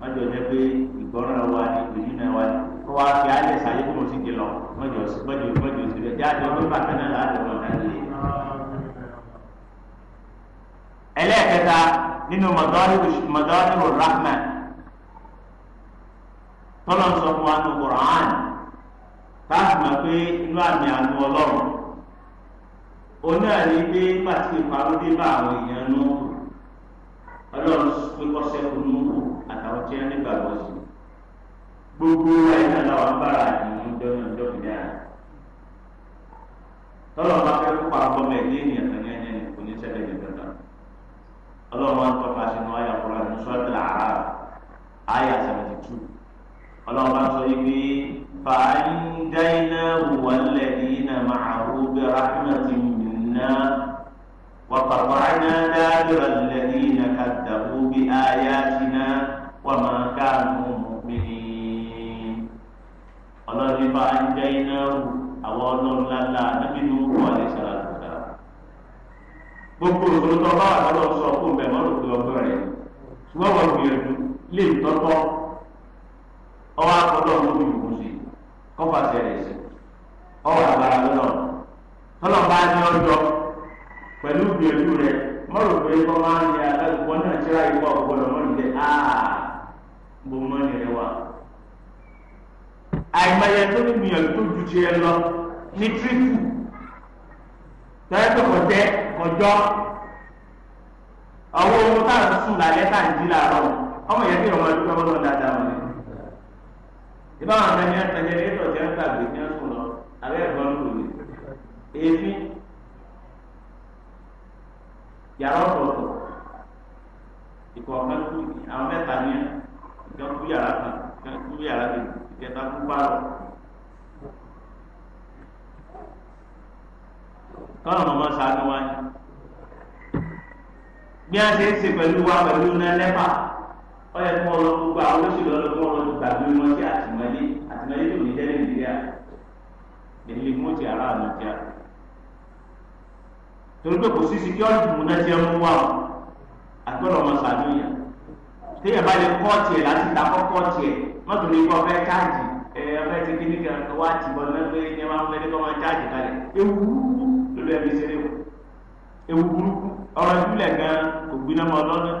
mọ́jọ ní pé ìgbọ́ràn wa ní ìgbèjì náà wa kó wá fi á lẹ́sà yìí kò mú ti dì lọ mọ́jọ mọ́jọ mọ́jọ síbẹ̀ jáde ọdún bàtà náà láti wọn láti lè. ẹlẹ́ẹ̀kẹta nínú mọ̀dọ́rìrò rahman tọ́lọ̀ ń sọ fún wa ní Qur'an táàbù mọ̀ pé inú àmì àánú ọlọ́run oní àlè pé pàṣẹ ìparọ́ dé bá àwọn èèyàn nù ọlọ́run pé kọ́sẹ́ àtàwọn tí wọ́n ní gbàgbọ́ sí gbogbo ẹ̀yìn àlàwọ̀ ń bára yìí jọ́nà jọ́nà ní àná tọ́lọ̀ bá fẹ́ kópa ọmọ ẹ̀dẹ́ ènìyàn kan yẹn yẹn kò ní ṣẹlẹ̀ ní dandan ọlọ́run wa ń tọ́ka sínú àyà kúrò ní sọ́ọ̀tì àrà àyà seventy two ọlọ́run bá ń sọ yìí pé fàáyíndáyiná wàlẹ́dínà màáhù bí rahmatu minna wàkàtàkàná dábìrà lẹ́dínà kàdàbù bí àyàtìná wàmàkà mú mi ọlọ́ọ̀ni bá ń jẹ́ iná àwọn ọlọ́run lálá níbi tó wọ́n lè ṣàlà lọ́dà. gbogbo òṣèlú tó bá àtọ́lọ́ sọ fún bẹ̀rẹ̀ mọ́tò pé ọgbọ́n rẹ̀ ṣùgbọ́n wọ́n gbìyànjú lè tọ́tọ́ ọwọ́ akọ́tọ́ ló fi yòókù sí kọ́fà sẹ́rẹ̀ sí ọwọ́ àgbàrá lọ́nà tọ́lọ̀ bá ní ọjọ́ pẹ̀lú gbìyànjú rẹ̀ mọ́tò pé kọ́ máa ń yà lẹ́gbọ́n náà ṣíra ìwọ ọ̀gbọ́n lọ́mọ́ àìmọye tó ní gbìyànjú tó ju tiẹ̀ lọ ní tírífù tọ́yẹ́ tó kọjẹ́ kọjọ́ àwọn ohun tá à ń sùn lálẹ́ tá à ń jí làárọ̀ ọmọ yẹn tí ọmọ ẹgbẹ́ ọmọ náà dáadáa wọn ni. ìbá wọn fẹ́ ní ẹsẹ̀ ní ẹ̀tọ́ tí wọ́n gbàgbé ní ẹ̀sùn lọ àbẹ́ ẹ̀fọ́ ń lòlẹ̀. èéfì yàrá ọ̀tọ̀ọ̀tọ̀ ìkọ̀ọ̀kan kú àwọn mẹ́ta ní ẹ̀ ìjọ kú yàrá kan kú yàrá kejì ìjẹta tó bá lọ. kọ́nà mọ́mọ́ sànú wa ni bí a ṣe ń ṣe pẹ̀lú wa pẹ̀lú nẹ́lẹ́fà ó yẹ kí wọ́n lọ gbogbo àwọn olóṣèlú ọlọ́gbọ́n wọn ti gbàgbé wọn sí àtìmọ́lé àtìmọ́lé tó ní jẹ́lẹ̀ nàìjíríà èyí mú ti ara àná jẹ́ torí pé kò sí security múná jẹ́ mú wa àgbọ̀dọ̀ mọ́ sànú yẹn téèyàn bá lè kọ́ tiẹ̀ láti ta kọ́kọ́ tiẹ̀ mọ́tò ní kọ́ fẹ́ cháàjì ẹ ọfẹ́ ti kí ní kan wá ti bọ̀ náà pé ní ẹ̀ma fẹ́ ní kọ́ máa cháàjì kalẹ̀ ewu lórí ẹbí ṣeré o ewu burúkú ọ̀rọ̀ ìbílẹ̀ gan kò gbiná mọ́ lọ́dún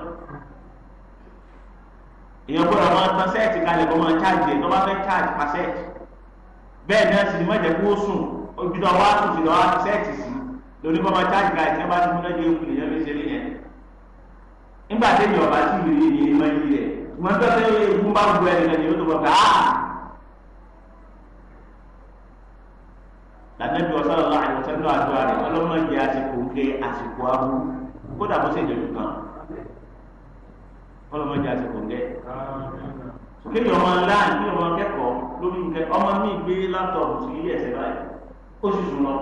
èèyàn gbọ́dọ̀ máa tan sẹ́ẹ̀tì kalẹ̀ kọ́ máa cháàjì ẹ̀ tó bá fẹ́ cháàjì pa sẹ́ẹ̀tì bẹ́ẹ̀ náà sì ni má jẹ́ kó sùn ojú tó wá sùn nígbà tẹ́lẹ̀ ọba sí ìrírí ni èyí máa ń yí rẹ̀ wọ́n tọ́ fẹ́ egun bá gbọ́ ẹni lẹ́yìn ó tó bọ̀ gáà. lànàbí ọ̀sán ọ̀la àyọ̀sán náà àdúrà rẹ̀ ọlọ́mọ jẹ́ àsìkò ń gé àsìkò ahu kódà bó ṣe ìjọ̀jú kan ọlọ́mọ jẹ́ àsìkò ń gé. kéèyàn ọmọ ńlá kéèyàn ọmọ kẹ́kọ̀ọ́ lórí nǹkẹ́ ọmọ mi gbé látọ̀ọ̀tù sí ilé ẹ̀sẹ̀ báyìí ó sì sùn lọ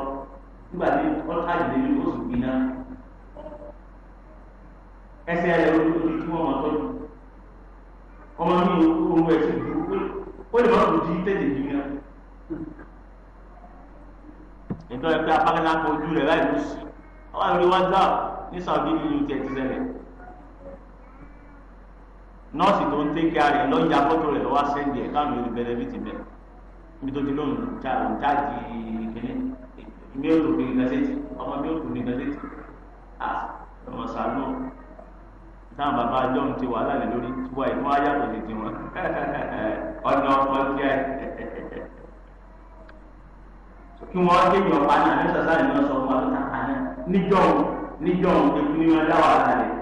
nígbà tí ọlọ́kàjì ẹsẹ̀ rẹ̀ ló ti tú ọmọ tó yìí ọmọ mi ò kú ohun ẹ̀sìn burúkú ó lè má kú di tẹ̀lé yìí náà nítorí pé apákẹ́lá kan ojú rẹ̀ láì lóṣù ọwọ́ àwọn ìwádìí wà ní Saudi nínú tiẹ̀ ti ṣẹlẹ̀ nọ́ọ̀sì tó ń tẹ́kẹ́ rẹ̀ lọ́jà fọ́tò rẹ̀ lọ́wọ́ sẹ́ndì ẹ̀ káwọn yóò bẹ̀rẹ̀ bí ti bẹ̀ níbi tó ti lóun jáde kínní ìmí òtún ní gazeti ọmọ mi òtún ní gazeti ah ọmọ sàánú táwọn bàbá ajọ́ ń ti wàhálà lè lórí tiwa ìlú ayàtọ̀ ti tiwọn <laughs> ọ̀nà ọ̀pọ̀ tiẹ̀ kí wọ́n ké yọ pa náà ní sàṣà ni wọ́n sọ fún wa tó ta àná níjọ́ níjọ́ ewu ni wọ́n dá wàhálà rẹ̀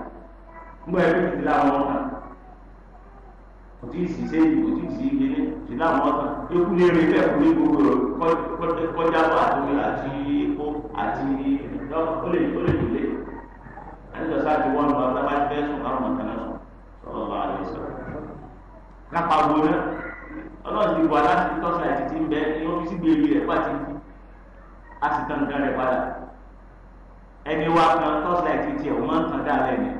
ńgbọ́ ẹ̀rí ti láwọn ọ̀tà kò tí ì sì ṣe ìlú kò tí ì sì ìgbélé ti láwọn ọ̀tà ewu lè rí bẹ́ẹ̀ kú ní gbogbo rẹ̀ kọjá bọ̀ àti àti ó àti ó lè tó lè tó lè àti sàṣà ti wọ́n lọ àwọn kan náà sọ̀rọ̀ bá rẹ̀ sọ̀rọ̀. kápá wo náà ọlọ́run ti wà láti tọ́sà ẹ̀ títí ń bẹ ní ọ́fíìsì gbèrè rẹ̀ pàtí kú a sì tán nǹkan rẹ̀ padà ẹni wa kan tọ́sà ẹ̀ títí ẹ̀ ò máa ń tàn dáa lẹ́yìn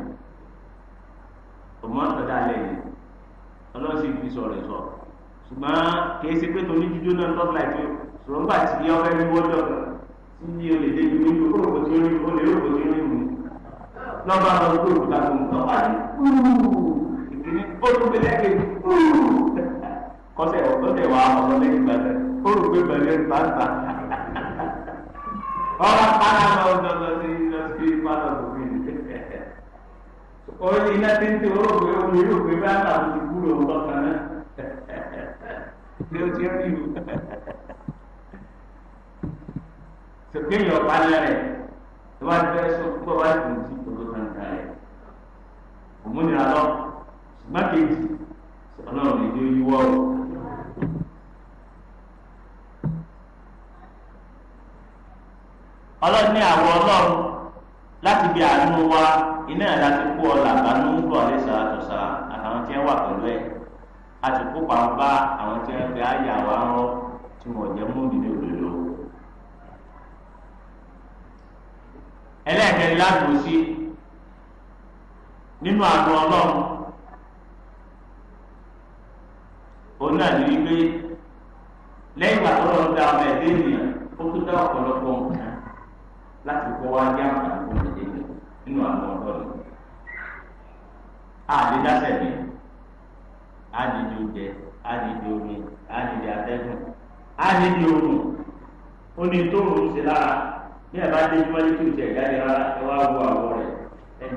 ò máa ń tàn dáa lẹ́yìn ọlọ́run sì fi sọ̀rọ̀ sọ ṣùgbọ́n kì í ṣe pé tòun ní jíjó náà tọ́sà ẹ̀ tó ṣùgbọ́n gbà tí ọ̀rẹ́ ní wọ́jọ́ kan tí ó lè dé ibi ó rò kò tí ó rí ó lè rò kò tí ó rí òun lọ́ba lọ sí òkúta tó ń tọ́ bá ní ìkíní ó tún fi lẹ́gbẹ̀ẹ́ kọ́sẹ̀ ọ̀tọ́sẹ̀ wà ọ̀rọ̀ lẹ́yìn gbàgbẹ́ ó rò pé pẹ̀lú ìpàǹtà ọ̀rọ̀ pàdà lọ sọ̀tọ̀ sí lọ́sí pàdà òfin orí iná tí ń tẹ orógbé omi yóò pé bá àwọn ti kúrò ọ̀tọ̀ kan náà ní o ti rí ìlú sọ̀kè yọ̀ pálẹ̀ rẹ̀ tó bá ti fẹ́ sọ fún ọ wá ìdùnnú òmúnira lọ ṣùgbọ́n kejì ọlọ́run èdè yíwọ́ o. ọlọ́run ní àwọ̀ ọlọ́run láti bí àánú wa iná ẹ̀dá ti kó ọlà àbánú ń bọ̀ lẹ́sà àtọ̀sà àtàwọn tí wọ́n wà pẹ̀lú ẹ̀ a ti kópa bá àwọn tí wọ́n fi àyà wa rán tí wọ́n jẹ́ mú nínú òdòdó. ẹlẹ́ẹ̀kẹ́rin láti wò sí i. nínú àdùn ọlọ́run òun náà ní wípé lẹ́yìn ìgbà tó lọ da ọmọ ẹ̀dẹ́ ènìyàn ó tún dá ọ̀pọ̀lọpọ̀ nǹkan láti kọ́ wá àwọn àpò ìdílé nínú àdùn ọlọ́run mi oúnjẹ omi atẹ́gùn oògùn ó ní tó ṣe lára bí ẹ bá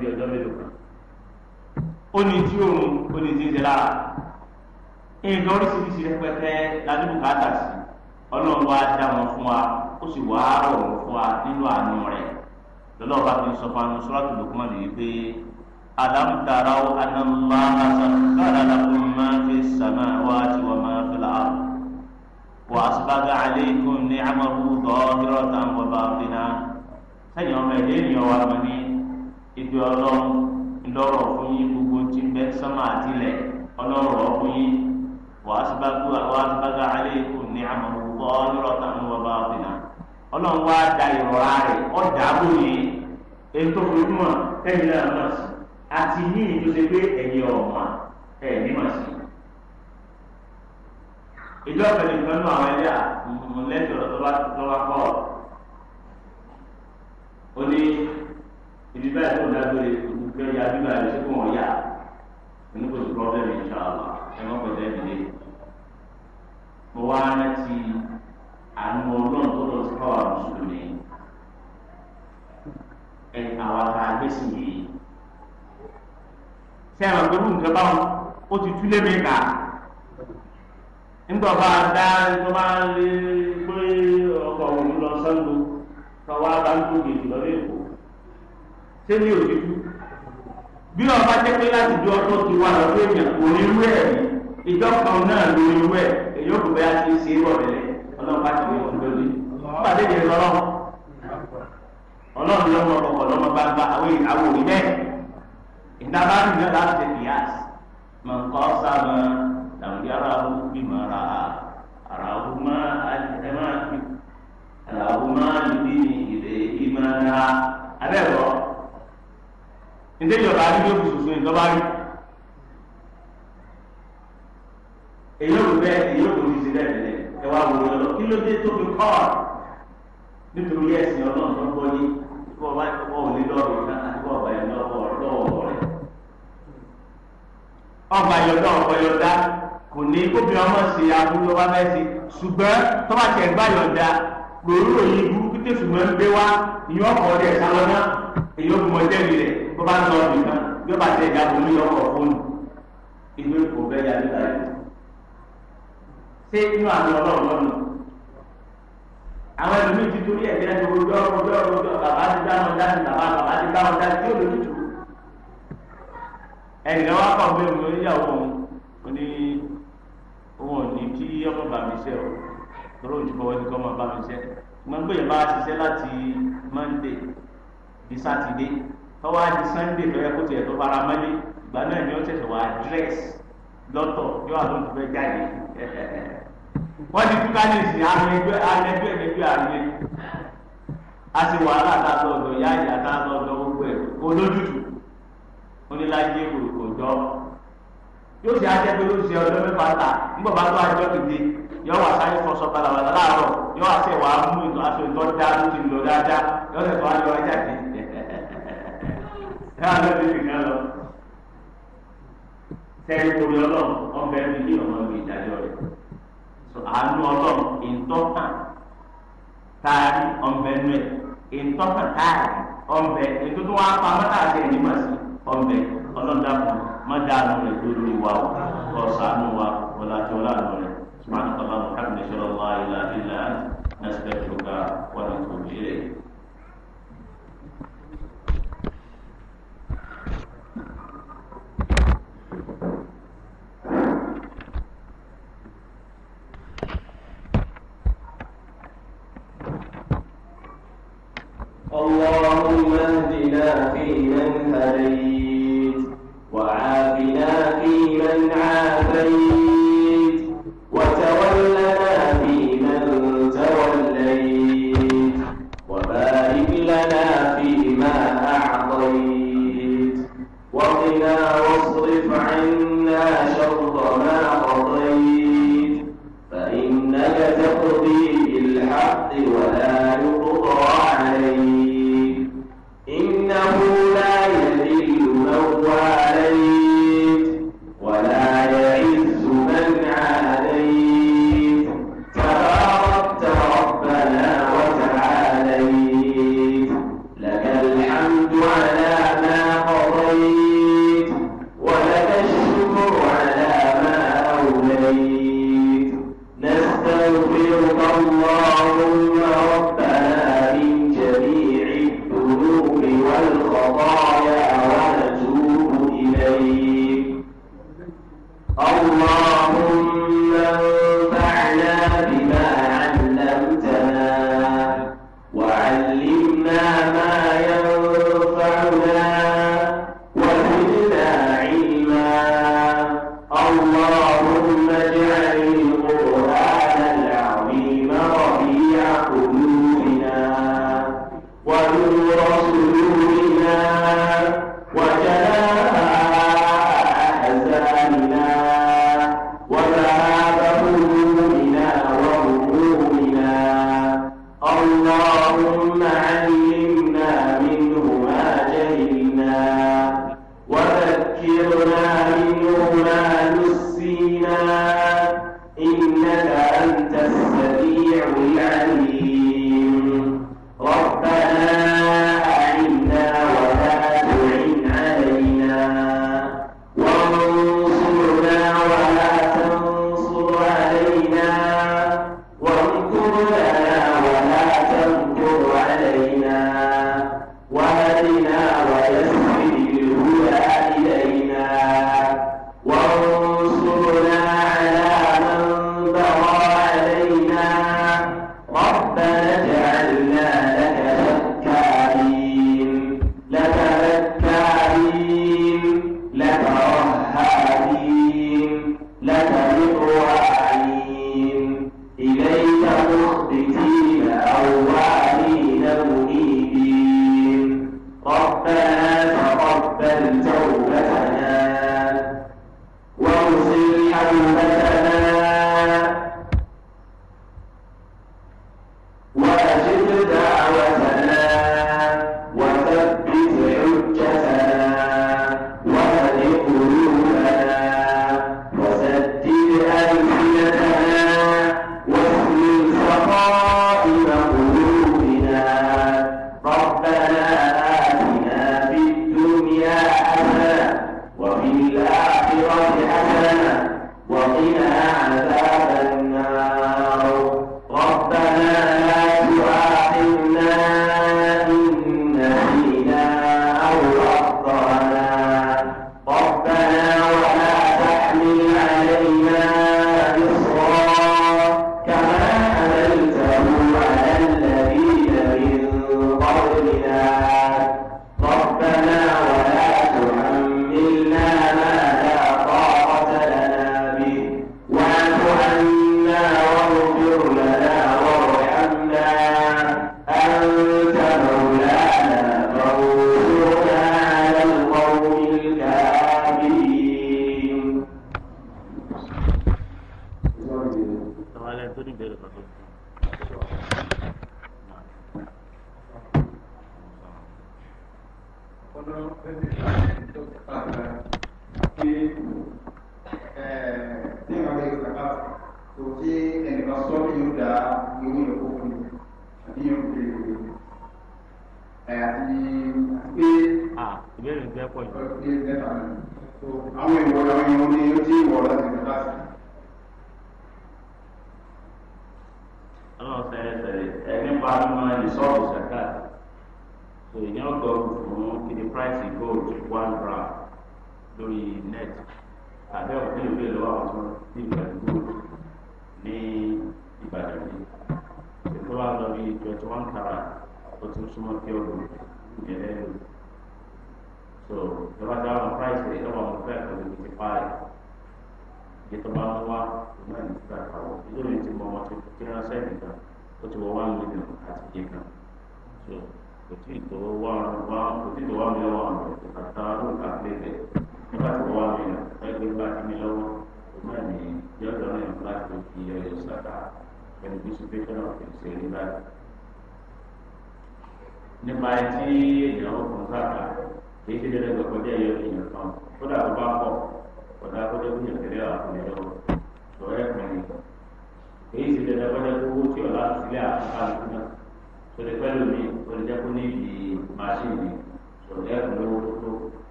dé ó ní tí òun ó ní tí ń jẹ lára nǹkan oríṣiríṣi rẹpẹtẹ ládùúgbò káàtà sí ọlọ́run wá dá wọn fún wa ó sì wá rọ̀ wọn fún wa nínú àánú rẹ̀ lọ́lọ́ọ̀bá fi sọ fún anusọ́lá tó lókùnmọ́ nìyí pé alam taraw anna allaha sakhkhara lakum ma fi samawati wa ma fil ard wa asbagha alaykum ni'amahu zahiratan wa batina sẹ́yìn ọmọ ẹ̀dẹ́ ènìyàn wa mọ̀ ní ìgbé ọlọ́run fún yín gbogbo ti bẹ sọmọ àtìlẹ̀ ọlọ́rọ̀ ọkùn yín wàá síbága aleikum ní àmọ̀wọ́ nírọ̀tà ní wọ́n bá ọ̀bìnà ọlọ́run wá da ìrọ̀rá rẹ̀ ọ̀dà àbòyè ètò ojúmọ̀ tẹ́lẹ̀ náà mọ̀ sí àti ní ìdúnṣe pé ẹ̀yìn ọ̀mà ẹ̀ nímọ̀ sí. ìjọ ọ̀fẹ́ni kan àwọn ẹlẹ́à mọ̀lẹ́sì ọ̀rọ̀ kọ́ ọ ní ibi báyìí tó bíbá rẹ̀ sí onígbòsí problem ìṣàlá ẹ má pẹ̀lú ẹ̀dílé. mo wá rántí àánú ọlọ́run tó lọ sí káwá mùsùlùmí ẹ àwọn àtàgbèsì yìí. ṣé àwọn pẹ̀lú nǹkan báwọn ó ti túlé mi kà nígbà bá a dá tó bá ń lé pé ọkọ̀ òun lọ sọ́ńdọ̀ káwá bá ń tó gèdè lọ́wọ́ èkó ṣé ní òdìdú bí wọn bá jẹ́ pé láti ju ọdún ti wá lọ pé èèyàn kò ní rú ẹ̀ ìjọ kan náà ló ní rú ẹ̀ èyí ò kò bẹ́ẹ̀ ti ṣe é rọ̀ lẹ́lẹ́ ọlọ́run bá ti ní ọdún lórí pàdé yẹn lọ́rọ́ ọlọ́run lọ́mọ ọkọ̀ lọ́mọ bá gba àwọn ìyàwó rí bẹ́ẹ̀ ìdábà ń yọ láti ṣe kìyàs mọ̀ nǹkan sábà làwọn yàrá ọ̀hún bí mọ̀ ara ara ọ̀hún máa ẹ̀ ǹdẹ́ ìjọba àdúgbò kùsùsùn ìjọba rí èyí ò bẹ èyí ò tóbi sílẹ̀ tẹ́lẹ̀ ẹ wá wò lọ kí ló dé tóbi kọ́ ọ nítorí ẹ̀sìn ọlọ́run tó ń bọ́ yìí kí wọ́n bá kọ́ ọ lé lọ́rùn náà àti kọ́ ọ̀bà yẹn lọ́wọ́ lọ́wọ́ rẹ̀ ọ̀bà yọ̀ dá ọ̀bà yọ̀ dá kò ní kóbi ọmọ sí abúlé wa bẹ́ẹ̀ sí ṣùgbọ́n tó bá gbá yọ̀ dá lòrúròyìn burúkú tẹ̀sùmọ́ ń gbé wá ìyọ́ ọ̀pọ̀ ọ̀dẹ̀ sálọ́nà èyí ó gbọmọdé mi rẹ̀ tó bá ń lọ nìkan bí ó bá tẹ ìjà bòmí ọkọ̀ fóònù ìlú èkó bẹ́ẹ̀ yá nígbà yìí. ṣé inú àti ọlọ́run lọ́nà àwọn ẹlòmíì ti torí ẹ̀jẹ̀ ẹ̀jẹ̀ ojú ọ̀rọ̀ ojú ọ̀rọ̀ ojú ọ̀rọ̀ bàbá ti dáná dání bàbá bàbá ti dáná dání tí ó lè tutù. ẹ̀yìn wa kọ̀ pé òun oníyàwó òun ní òun ò ní kí ọmọ bàbá iṣẹ́ o tọ́lọ́ òun ti bọ̀ wọ́n ti kọ́ ọmọ bàbá iṣẹ́ gbọ́n gbé yẹn bá ṣiṣẹ́ láti Monday di Saturday tọ́wọ́ adi sunday lọ́yẹ kó tiẹ̀ tó fara mọ́lé ìgbà náà ni ó ṣẹ̀ṣẹ̀ wá dress lọ́tọ̀ yóò àlọ́ tó fẹ́ jáde <laughs> wọ́n ti túká ní ìsìn àrùn ẹgbẹ́ àrùn ẹgbẹ́ ẹgbẹ́ àrùn ẹgbẹ́ a sì wàhálà àtàtọ̀ ọ̀dọ̀ yá ìyá àtàtọ̀ ọ̀dọ̀ gbogbo ẹ̀ olójútù oníláyé òjò yóò ṣe ajẹ́pẹ́ ló ṣe ọdún mẹ́fà ta nígbà bá tó ajọ́ kìdí yọ wà sáyé fọṣọ balabala láàárọ̀ yọ wà sẹ́wàá mú ìtọ́ aṣọ ìtọ́ dá ló ti lọ dáadáa yọ sẹ́tọ̀ ayọ̀ ajáde káàdé ti fi kan lọ tẹ́lẹ̀ kórè ọlọ́run ọbẹ̀ mi ní ọmọ ìwé ìdájọ́ rẹ̀ àánú ọlọ́run ìtọ́kàn táàrí ọbẹ̀ nù ẹ̀ ìtọ́kàn táàrí ọbẹ̀ ètùtù wọn apamọ́ táàrí ẹ̀ nígbà sí ọbẹ̀ ọlọ́dàpọ̀ mọ́dàánù rẹ̀ lórí wa ọ̀sánù wa ọ̀làjọ́ ọ̀làjọ́ rẹ̀ sùmọ́nà tọ́lá mọ́kànlélọ́lá ìlà ìlà nàṣẹ́fẹ̀ẹ́ اللهم اهدنا فيمن هديت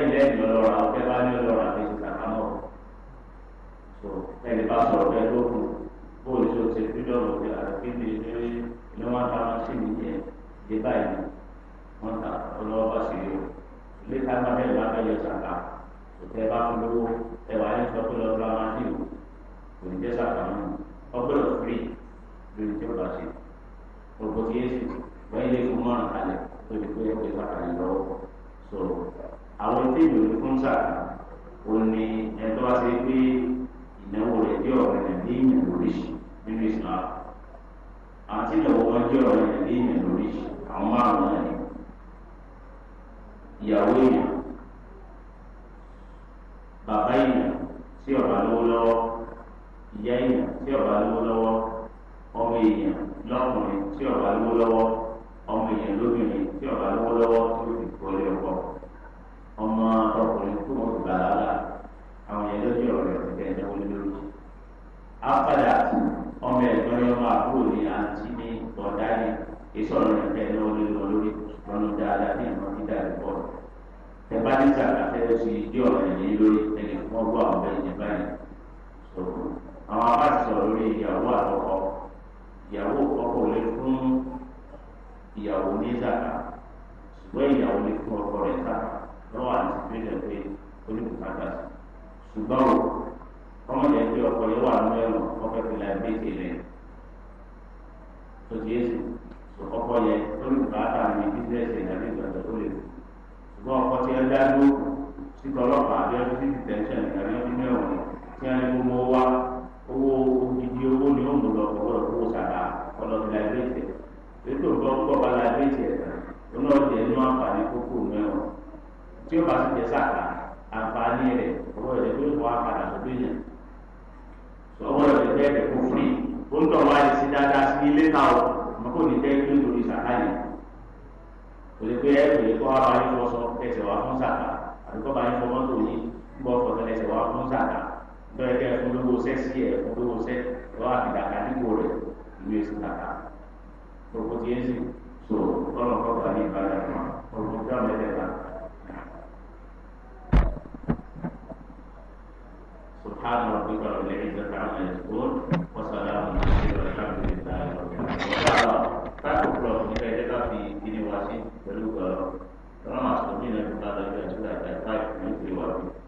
lẹ́yìn lẹ́yìn lọ́rọ̀ àwọn tẹ́ bá ní lọ́rọ̀ àti kàkámọ́ so ẹni bá sọ̀rọ̀ bẹ́ẹ̀ lókun bóòlù tó ṣe fídọ̀mù pé àkéde lórí ní wọ́n ta máṣíìnì yẹn dé báyìí wọ́n ta ọlọ́wọ́ bá sì yọ ilé kápá bẹ́ẹ̀ bá fẹ́ yọ sàkà kò tẹ́ bá fún lówó ẹ wà ní sọ pé lọ́ọ́ bá máṣíìnì kò ní jẹ́ sàkà mọ́ ọgbọ́dọ̀ firi lórí tí ó bá ṣe gbogbo kí yéṣu wọ́n yẹ kó mọ́ràn kalẹ̀ tó ti pé ó ti sàkà yìí lọ́wọ́ so àwọn tí ìlú fún sà ò ní ẹ̀tọ́ wá sí pé ìnáwó rẹ̀ jẹ́ ọ̀rẹ́ rẹ̀ ní ìyẹn lóríṣi nínú Islam àwọn tí ìnáwó wọn jẹ́ ọ̀rẹ́ rẹ̀ ní ìyẹn lóríṣi àwọn márùn náà ni ìyàwó èèyàn bàbá èèyàn tí ọba lówó lọ́wọ́ ìyá èèyàn tí ọba lówó lọ́wọ́ ọmọ èèyàn lọ́kùnrin tí ọba lówó lọ́wọ́ ọmọ èèyàn lóbìnrin tí ọba lówó lọ́wọ́ tó fi kọ́lé ọkọ ọmọ ọkùnrin tó wọn gbà lára àwọn yẹn lójú ọ̀rẹ́ ọ̀tẹ̀ ẹ̀dẹ́wọ́ lórí. apàdà ọmọ ẹ̀gbọ́n ni ọmọ àbúrò ní àǹtí ní ọ̀dá ní ìsọ̀rọ̀ ẹ̀tẹ̀ ẹ̀dẹ́wọ́ lórí wọn lórí lọ́nà dáadáa ní ìmọ̀ dídá ẹ̀kọ́. tẹ̀bá ní sàkàtẹ́wọ́ sí ìdí ọ̀rẹ́ yìí lórí ẹni wọ́n gbọ́ àwọn ọ̀bẹ ìjẹba yẹn. àwọn abá ti sọ̀rọ̀ lórí ìyàwó àkọ́kọ́ ìyàwó ọkọ̀ lè fún ìyàwó ní sàkà ṣùgbọ́n ìyàwó lè fún ọkọ wọ́n wà ní ìpínlẹ̀ pé olùbùkátà ṣùgbọ́n o ọmọ yẹn pé ọkọ yẹn wà nínú ẹ̀rọ ọkọ̀ ìpínlẹ̀ méjì rẹ̀ tó ti yé sùn ọkọ yẹn olùbùkátà ní bísíǹsì ìdàbí ìgbàgbọ́ tó lè ṣùgbọ́n ọkọ tí ẹ dá lóògùn síkọ ọlọ́pàá àbí ọdún sí detention àbí ọdún mẹ́wọ̀n tí a ní gbogbo wa owó odidi owó ni ó mú lọ ọgbọ́dọ̀ kó sàrà ọlọ́dún láìpẹ́ tẹ̀ ètò ìgbọ́ pọ̀ bá láìpẹ́ tẹ̀ ọlọ́dún ẹ̀ ní wọ́n tí o bá ti jẹ sáàkà àǹfààní rẹ̀ ọwọ́ ìdẹ tó wà padà lọ́dún yẹn ọwọ́ ìdẹ jẹ́ ẹ̀kẹ́ fún fún yìí ó ń tọ̀ wá lè sí dáadáa sí ilé ta o àmọ́ kò ní jẹ́ kí ó lórí sàkà yẹn kò lè pé ẹ̀kọ́ yìí kọ́ wa bá yín fọṣọ ẹsẹ̀ wá fún sàkà àbí kọ́ bá yín fọ mọ́tò yìí ń bọ̀ fọ̀tọ̀ ẹsẹ̀ wá fún sàkà bẹ́ẹ̀ kẹ́ fún lówó sẹ́ sí ẹ̀ fún lówó sẹ́ ẹ̀ wá nípò rẹ̀ ìlú èsì kàkà òkú ti yẹn sì so ọlọ́kọ̀ọ́ سبحان ربك رب العزة عما يصفون وسلام على الحمد لله رب العالمين satu pulau kita kita ini Kiniwasi baru ke Termasuk ini kita ada sudah ada baik di luar